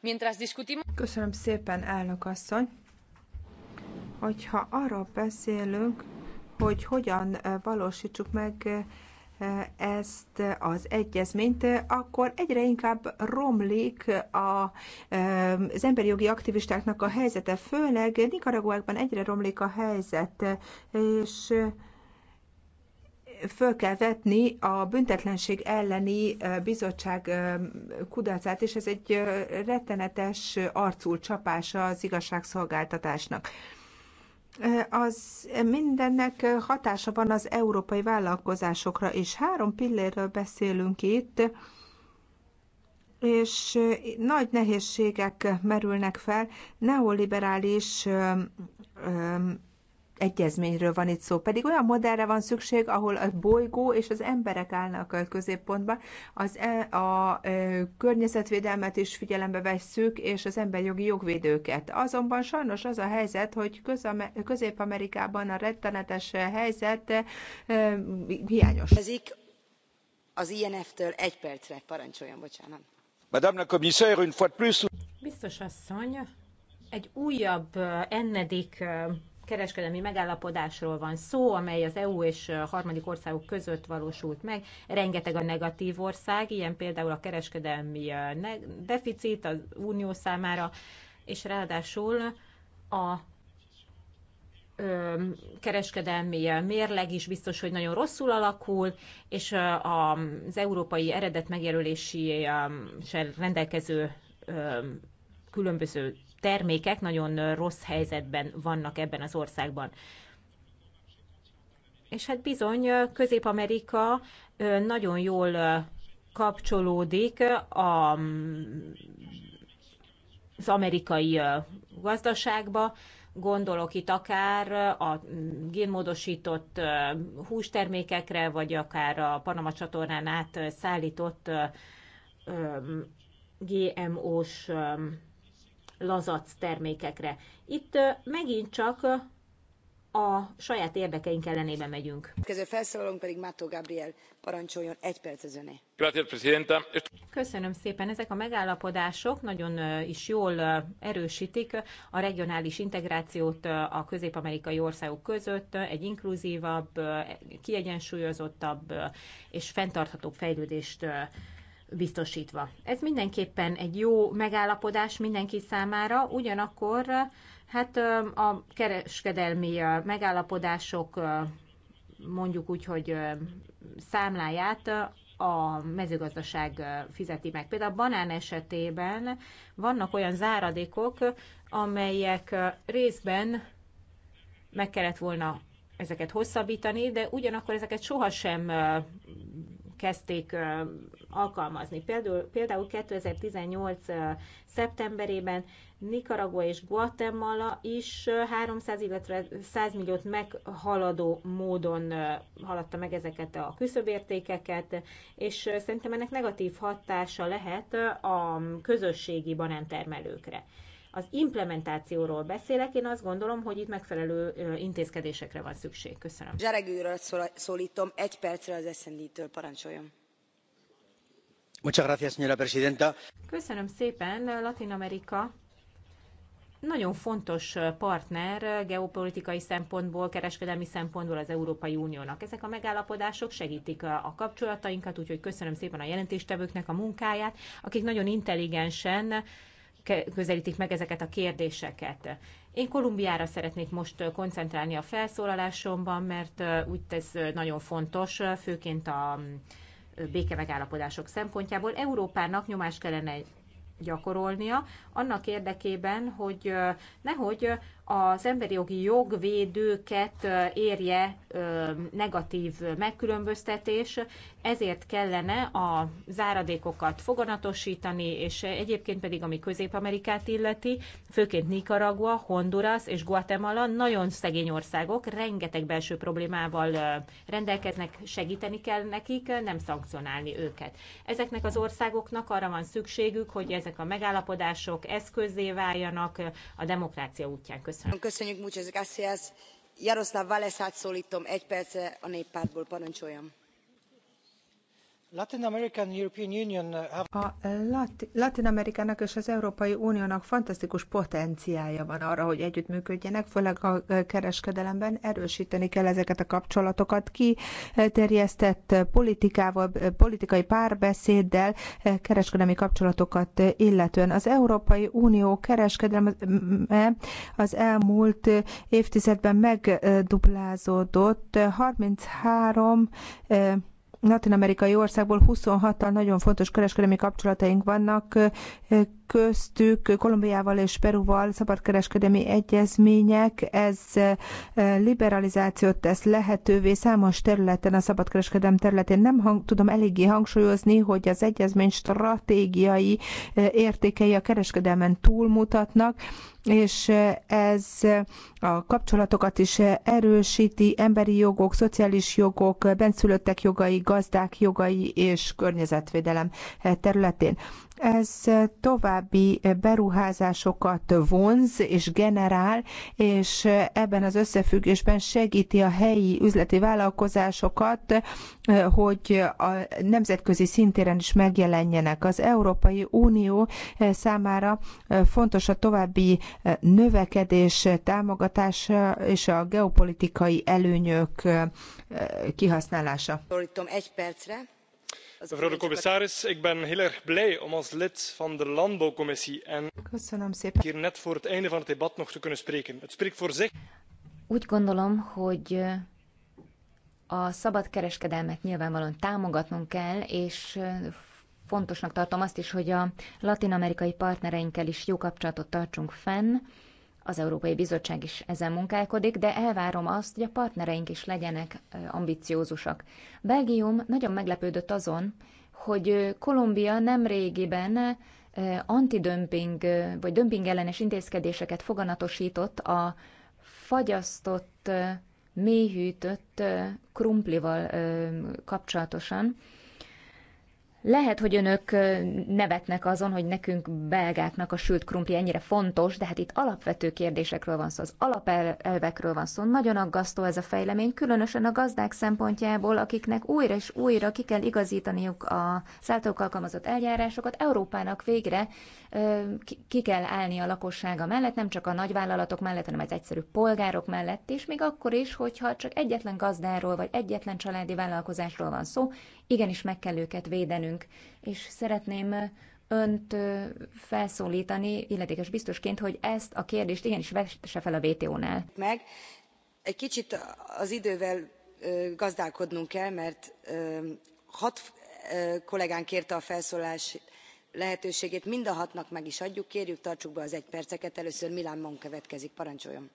Mientras discutimos... Köszönöm szépen, elnök asszony. Hogyha arról beszélünk, hogy hogyan valósítsuk meg ezt az egyezményt, akkor egyre inkább romlik a, az emberi jogi aktivistáknak a helyzete, főleg Nikaraguákban egyre romlik a helyzet, és föl kell vetni a büntetlenség elleni bizottság kudarcát, és ez egy rettenetes arcul csapása az igazságszolgáltatásnak az mindennek hatása van az európai vállalkozásokra, és három pillérről beszélünk itt, és nagy nehézségek merülnek fel neoliberális egyezményről van itt szó, pedig olyan modellre van szükség, ahol a bolygó és az emberek állnak a középpontban, az, a, e, a, e, környezetvédelmet is figyelembe vesszük, és az emberjogi jogvédőket. Azonban sajnos az a helyzet, hogy Közép-Amerikában a rettenetes helyzet e, hiányos. Ezik az INF-től egy percre, parancsoljon, bocsánat. Madame la commissaire, une fois de plus... Biztos asszony, egy újabb e, ennedik e, kereskedelmi megállapodásról van szó, amely az EU és harmadik országok között valósult meg. Rengeteg a negatív ország, ilyen például a kereskedelmi deficit az unió számára, és ráadásul a kereskedelmi mérleg is biztos, hogy nagyon rosszul alakul, és az európai eredet megjelölési rendelkező különböző termékek nagyon rossz helyzetben vannak ebben az országban. És hát bizony Közép-Amerika nagyon jól kapcsolódik a, mm, az amerikai gazdaságba, gondolok itt akár a mm, génmódosított hústermékekre, vagy akár a Panama csatornán át szállított mm, GMO-s lazac termékekre. Itt megint csak a saját érdekeink ellenében megyünk. Következő felszólalónk pedig Mátó Gabriel parancsoljon egy perc az öné. Köszönöm szépen. Ezek a megállapodások nagyon is jól erősítik a regionális integrációt a közép-amerikai országok között, egy inkluzívabb, kiegyensúlyozottabb és fenntarthatóbb fejlődést biztosítva. Ez mindenképpen egy jó megállapodás mindenki számára, ugyanakkor hát a kereskedelmi megállapodások mondjuk úgy, hogy számláját a mezőgazdaság fizeti meg. Például a banán esetében vannak olyan záradékok, amelyek részben meg kellett volna ezeket hosszabbítani, de ugyanakkor ezeket sohasem kezdték alkalmazni. Például, például 2018. szeptemberében Nicaragua és Guatemala is 300, illetve 100 milliót meghaladó módon haladta meg ezeket a küszöbértékeket, és szerintem ennek negatív hatása lehet a közösségi banántermelőkre. termelőkre. Az implementációról beszélek, én azt gondolom, hogy itt megfelelő intézkedésekre van szükség. Köszönöm. Zsereg szólítom, egy percre az SZND-től parancsoljon. Köszönöm szépen, Latin Amerika nagyon fontos partner geopolitikai szempontból, kereskedelmi szempontból az Európai Uniónak. Ezek a megállapodások segítik a kapcsolatainkat, úgyhogy köszönöm szépen a jelentéstevőknek a munkáját, akik nagyon intelligensen közelítik meg ezeket a kérdéseket. Én Kolumbiára szeretnék most koncentrálni a felszólalásomban, mert úgy ez nagyon fontos, főként a békemegállapodások szempontjából. Európának nyomást kellene gyakorolnia, annak érdekében, hogy nehogy az emberi jogi jogvédőket érje negatív megkülönböztetés, ezért kellene a záradékokat foganatosítani, és egyébként pedig, ami Közép-Amerikát illeti, főként Nicaragua, Honduras és Guatemala nagyon szegény országok, rengeteg belső problémával rendelkeznek, segíteni kell nekik, nem szankcionálni őket. Ezeknek az országoknak arra van szükségük, hogy ezek a megállapodások eszközé váljanak a demokrácia útján. Köszönöm köszönöm. köszönjük muchas gracias. jaroszlav valesát szóltom egy percre a néppártból parancsoljon. Uh, a eh, Latin Amerikának és az Európai Uniónak fantasztikus potenciája van arra, hogy együttműködjenek, főleg a eh, kereskedelemben erősíteni kell ezeket a kapcsolatokat ki eh, terjesztett politikával, politikai párbeszéddel, kereskedelmi kapcsolatokat illetően. Az Európai Unió kereskedelme mm, az elmúlt évtizedben megduplázódott, 33 latin-amerikai országból 26-tal nagyon fontos kereskedelmi kapcsolataink vannak, köztük Kolumbiával és Peruval szabadkereskedelmi egyezmények, ez eh, liberalizációt tesz lehetővé számos területen, a szabadkereskedelem területén. Nem hang, tudom eléggé hangsúlyozni, hogy az egyezmény stratégiai eh, értékei a kereskedelmen túlmutatnak, és eh, ez a kapcsolatokat is erősíti, emberi jogok, szociális jogok, benszülöttek jogai, gazdák jogai és környezetvédelem területén. Ez további beruházásokat vonz és generál, és ebben az összefüggésben segíti a helyi üzleti vállalkozásokat, hogy a nemzetközi szintéren is megjelenjenek. Az Európai Unió számára fontos a további növekedés támogatása és a geopolitikai előnyök kihasználása. Borítom egy percre mevrouw de commissaris ik ben heel erg blij om als lid van de landbouwcommissie en hier net voor het einde van het debat nog te kunnen spreken. het spreekt voor zich. úgy gondolom hogy eh, a szabad kereskedelmet nyilvánvalóan támogatnunk kell és eh, fontosnak tartom azt is hogy a latin amerikai partnereinkkel is jó kapcsolatot tartsunk fenn az Európai Bizottság is ezen munkálkodik, de elvárom azt, hogy a partnereink is legyenek ambiciózusak. Belgium nagyon meglepődött azon, hogy Kolumbia nem régiben antidömping vagy dömpingellenes intézkedéseket foganatosított a fagyasztott, mélyhűtött krumplival kapcsolatosan, lehet, hogy önök nevetnek azon, hogy nekünk belgáknak a sült krumpli ennyire fontos, de hát itt alapvető kérdésekről van szó, az alapelvekről van szó. Nagyon aggasztó ez a fejlemény, különösen a gazdák szempontjából, akiknek újra és újra ki kell igazítaniuk a szálltók alkalmazott eljárásokat. Európának végre ki kell állni a lakossága mellett, nem csak a nagyvállalatok mellett, hanem az egyszerű polgárok mellett is, még akkor is, hogyha csak egyetlen gazdáról vagy egyetlen családi vállalkozásról van szó, igenis meg kell őket védenünk. És szeretném önt felszólítani, illetékes biztosként, hogy ezt a kérdést igenis vesse fel a WTO-nál. Meg egy kicsit az idővel gazdálkodnunk kell, mert hat kollégán kérte a felszólás lehetőségét, mind a hatnak meg is adjuk. Kérjük, tartsuk be az egy perceket. Először Milán Mon következik. Parancsoljon!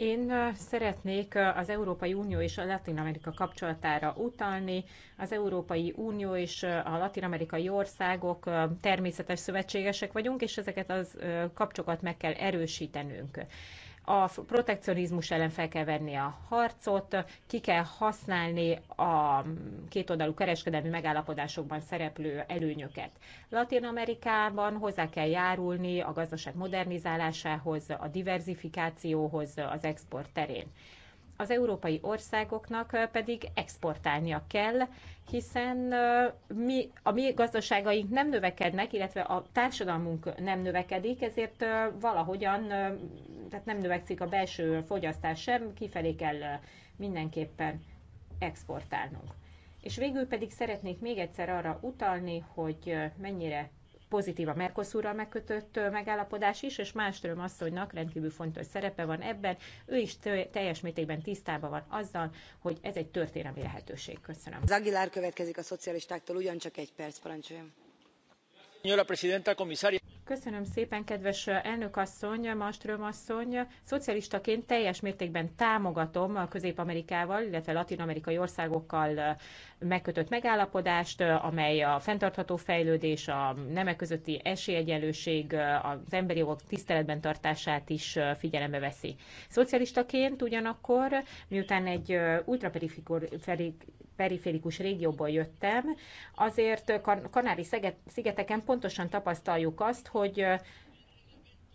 Én szeretnék az Európai Unió és a Latin Amerika kapcsolatára utalni. Az Európai Unió és a latin amerikai országok természetes szövetségesek vagyunk, és ezeket az kapcsokat meg kell erősítenünk a protekcionizmus ellen fel kell venni a harcot, ki kell használni a kétoldalú kereskedelmi megállapodásokban szereplő előnyöket. Latin Amerikában hozzá kell járulni a gazdaság modernizálásához, a diversifikációhoz az export terén az európai országoknak pedig exportálnia kell, hiszen mi, a mi gazdaságaink nem növekednek, illetve a társadalmunk nem növekedik, ezért valahogyan tehát nem növekszik a belső fogyasztás sem, kifelé kell mindenképpen exportálnunk. És végül pedig szeretnék még egyszer arra utalni, hogy mennyire pozitív a Mercosurral megkötött megállapodás is, és Máström asszonynak rendkívül fontos szerepe van ebben. Ő is teljes mértékben tisztában van azzal, hogy ez egy történelmi lehetőség. Köszönöm. Zagilár következik a szocialistáktól, ugyancsak egy perc, parancsoljon. Señora presidenta, comisaria. Köszönöm szépen, kedves elnökasszony, Malmström asszony. Szocialistaként teljes mértékben támogatom a Közép-Amerikával, illetve latin-amerikai országokkal megkötött megállapodást, amely a fenntartható fejlődés, a nemek közötti esélyegyenlőség, az emberi jogok tiszteletben tartását is figyelembe veszi. Szocialistaként ugyanakkor, miután egy ultraperiférikus régióból jöttem, azért kan Kanári-szigeteken pontosan tapasztaljuk azt, hogy hogy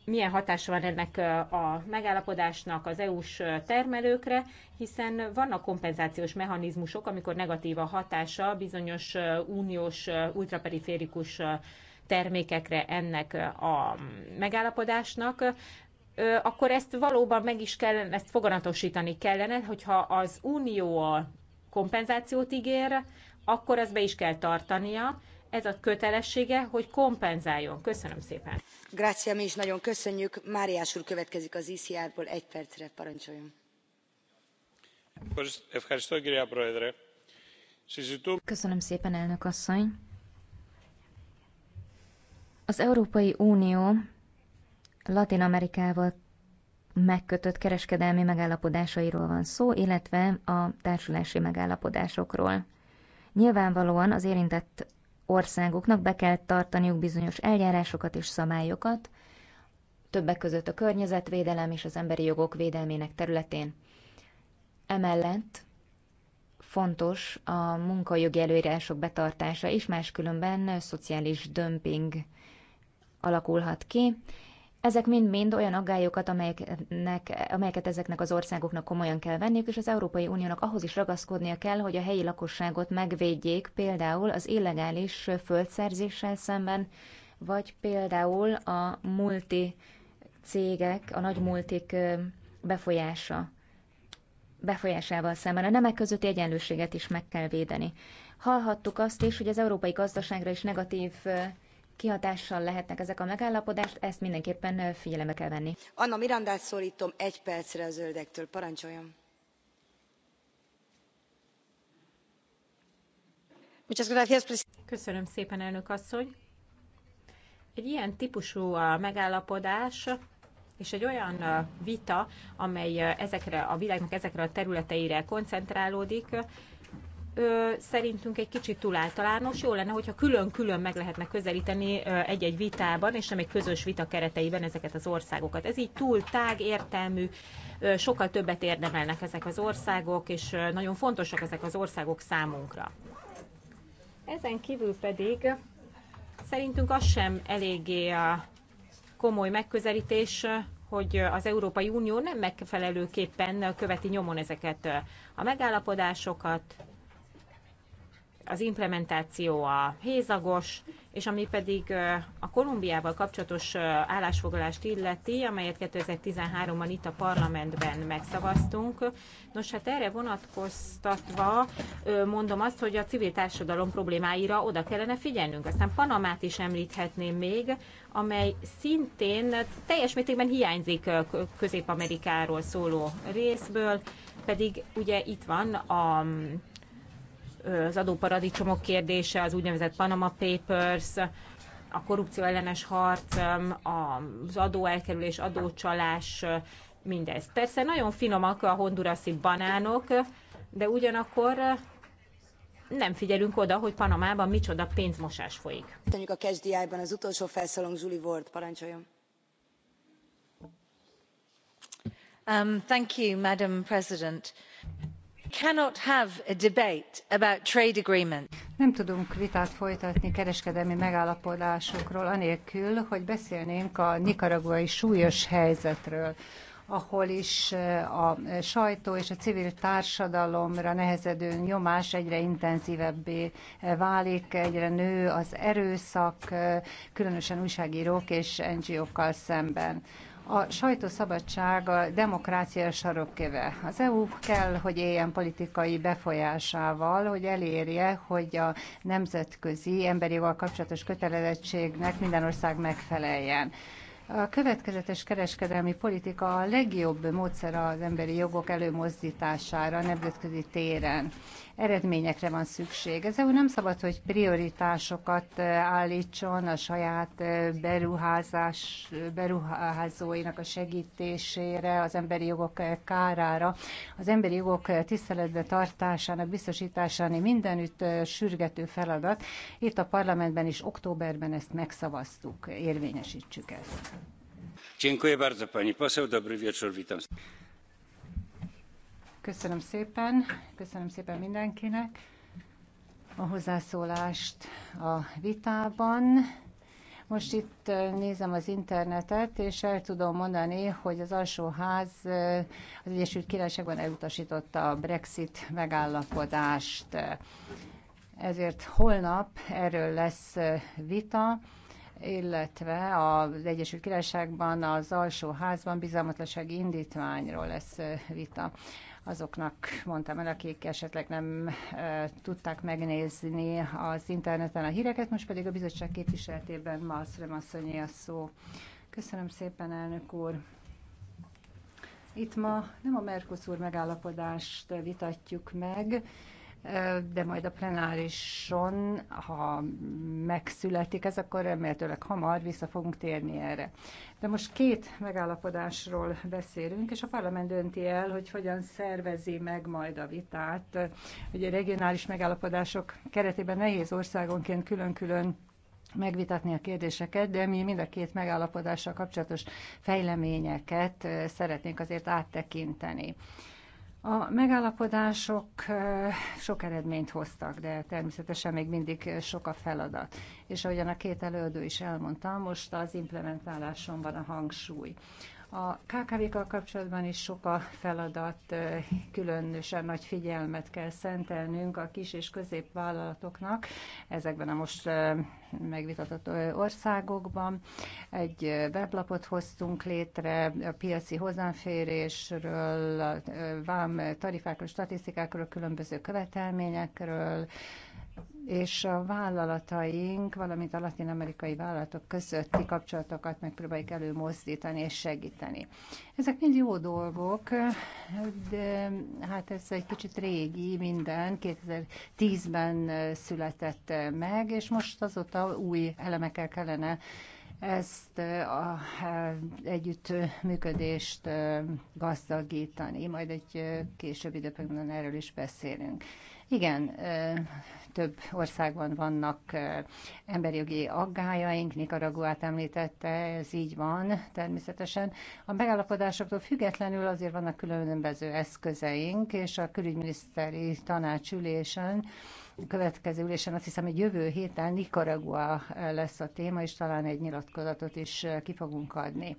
milyen hatása van ennek a megállapodásnak az EU-s termelőkre, hiszen vannak kompenzációs mechanizmusok, amikor negatív a hatása bizonyos uniós ultraperiférikus termékekre ennek a megállapodásnak, akkor ezt valóban meg is kellene, ezt foganatosítani kellene, hogyha az unió a kompenzációt ígér, akkor azt be is kell tartania, ez a kötelessége, hogy kompenzáljon. Köszönöm szépen. Grácia, mi is nagyon köszönjük. Máriás úr következik az ICR-ból. Egy percre parancsoljon. Köszönöm szépen, elnök asszony. Az Európai Unió Latin Amerikával megkötött kereskedelmi megállapodásairól van szó, illetve a társulási megállapodásokról. Nyilvánvalóan az érintett országoknak be kell tartaniuk bizonyos eljárásokat és szabályokat, többek között a környezetvédelem és az emberi jogok védelmének területén. Emellett fontos a munkajogi előírások betartása is, máskülönben szociális dömping alakulhat ki. Ezek mind-mind olyan aggályokat, amelyeknek, amelyeket ezeknek az országoknak komolyan kell venniük, és az Európai Uniónak ahhoz is ragaszkodnia kell, hogy a helyi lakosságot megvédjék például az illegális földszerzéssel szemben, vagy például a multi cégek, a nagy multik befolyása befolyásával szemben a nemek közötti egyenlőséget is meg kell védeni. Hallhattuk azt is, hogy az európai gazdaságra is negatív kihatással lehetnek ezek a megállapodást, ezt mindenképpen figyelembe kell venni. Anna Mirandát szólítom egy percre a zöldektől, parancsoljon. Köszönöm szépen, elnök asszony. Egy ilyen típusú a megállapodás és egy olyan vita, amely ezekre a világnak ezekre a területeire koncentrálódik, ö, szerintünk egy kicsit túl általános. Jó lenne, hogyha külön-külön meg lehetne közelíteni egy-egy vitában, és nem egy közös vita kereteiben ezeket az országokat. Ez így túl tág, értelmű, ö, sokkal többet érdemelnek ezek az országok, és ö, nagyon fontosak ezek az országok számunkra. Ezen kívül pedig szerintünk az sem eléggé a komoly megközelítés, hogy az Európai Unió nem megfelelőképpen követi nyomon ezeket a megállapodásokat, az implementáció a hézagos, és ami pedig a Kolumbiával kapcsolatos állásfoglalást illeti, amelyet 2013-ban itt a parlamentben megszavaztunk. Nos, hát erre vonatkoztatva mondom azt, hogy a civil társadalom problémáira oda kellene figyelnünk. Aztán Panamát is említhetném még, amely szintén teljes mértékben hiányzik Közép-Amerikáról szóló részből, pedig ugye itt van a az adóparadicsomok kérdése, az úgynevezett Panama Papers, a korrupció ellenes harc, az adóelkerülés, adócsalás, mindez. Persze nagyon finomak a honduraszi banánok, de ugyanakkor nem figyelünk oda, hogy Panamában micsoda pénzmosás folyik. Tenjük a KSDI-ban az utolsó felszólónk, Zsuli Ward, parancsoljon. Um, thank you, Madam President nem tudunk vitát folytatni kereskedelmi megállapodásokról anélkül, hogy beszélnénk a nicaraguai súlyos helyzetről ahol is eh, a sajtó és a civil társadalomra nehezedő nyomás egyre intenzívebbé eh, válik, egyre nő az erőszak, eh, különösen újságírók és NGO-kkal szemben. A sajtószabadság a demokrácia sarokköve. Az EU kell, hogy éljen politikai befolyásával, hogy elérje, hogy a nemzetközi emberi joggal kapcsolatos kötelezettségnek minden ország megfeleljen. A következetes kereskedelmi politika a legjobb módszer az emberi jogok előmozdítására a nemzetközi téren eredményekre van szükség. Ez EU nem szabad, hogy prioritásokat állítson a saját beruházás, beruházóinak a segítésére, az emberi jogok kárára, az emberi jogok tiszteletbe tartásának biztosításának mindenütt sürgető feladat. Itt a parlamentben is októberben ezt megszavaztuk, érvényesítsük ezt. Dziękuję bardzo pani poseł. Dobry wieczór, witam. Köszönöm szépen, köszönöm szépen mindenkinek a hozzászólást a vitában. Most itt nézem az internetet, és el tudom mondani, hogy az alsóház az Egyesült Királyságban elutasította a Brexit megállapodást. Ezért holnap erről lesz vita, illetve az Egyesült Királyságban az alsó házban bizalmatlansági indítványról lesz vita azoknak mondtam el, akik esetleg nem tudták megnézni az interneten a híreket, most pedig a bizottság képviseletében Malmström asszonyé a szó. Köszönöm szépen, elnök úr! Itt ma nem a Mercosur megállapodást vitatjuk meg, de majd a plenárison, ha megszületik ez, akkor remélhetőleg hamar vissza fogunk térni erre. De most két megállapodásról beszélünk, és a parlament dönti el, hogy hogyan szervezi meg majd a vitát. Ugye regionális megállapodások keretében nehéz országonként külön-külön megvitatni a kérdéseket, de mi mind a két megállapodással kapcsolatos fejleményeket szeretnénk azért áttekinteni. A megállapodások sok eredményt hoztak, de természetesen még mindig sok a feladat. És ahogyan a két előadó is elmondta, most az implementáláson van a hangsúly. A KKV-kkal kapcsolatban is sok a feladat, különösen nagy figyelmet kell szentelnünk a kis és középvállalatoknak ezekben a most megvitatott országokban. Egy weblapot hoztunk létre a piaci hozzáférésről, vám tarifákról, statisztikákról, különböző követelményekről, és a vállalataink, valamint a latin-amerikai vállalatok közötti kapcsolatokat megpróbáljuk előmozdítani és segíteni. Ezek mind jó dolgok, de hát ez egy kicsit régi minden, 2010-ben született meg, és most azóta új elemekkel kellene ezt a hát, együttműködést gazdagítani. Majd egy később időpontban erről is beszélünk. Igen, több országban vannak emberi jogi aggájaink, Nikaraguát említette, ez így van természetesen. A megállapodásoktól függetlenül azért vannak különböző eszközeink, és a külügyminiszteri tanácsülésen következő ülésen azt hiszem, hogy jövő héten Nicaragua lesz a téma, és talán egy nyilatkozatot is ki fogunk adni.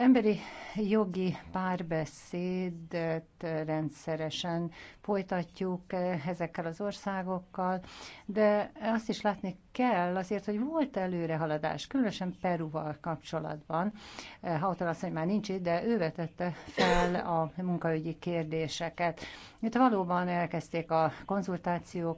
Emberi jogi párbeszédet rendszeresen folytatjuk ezekkel az országokkal, de azt is látni kell azért, hogy volt előrehaladás, különösen Peruval kapcsolatban. Hautal azt, hogy már nincs itt, de ő vetette fel a munkaügyi kérdéseket. Itt valóban elkezdték a konzultációk,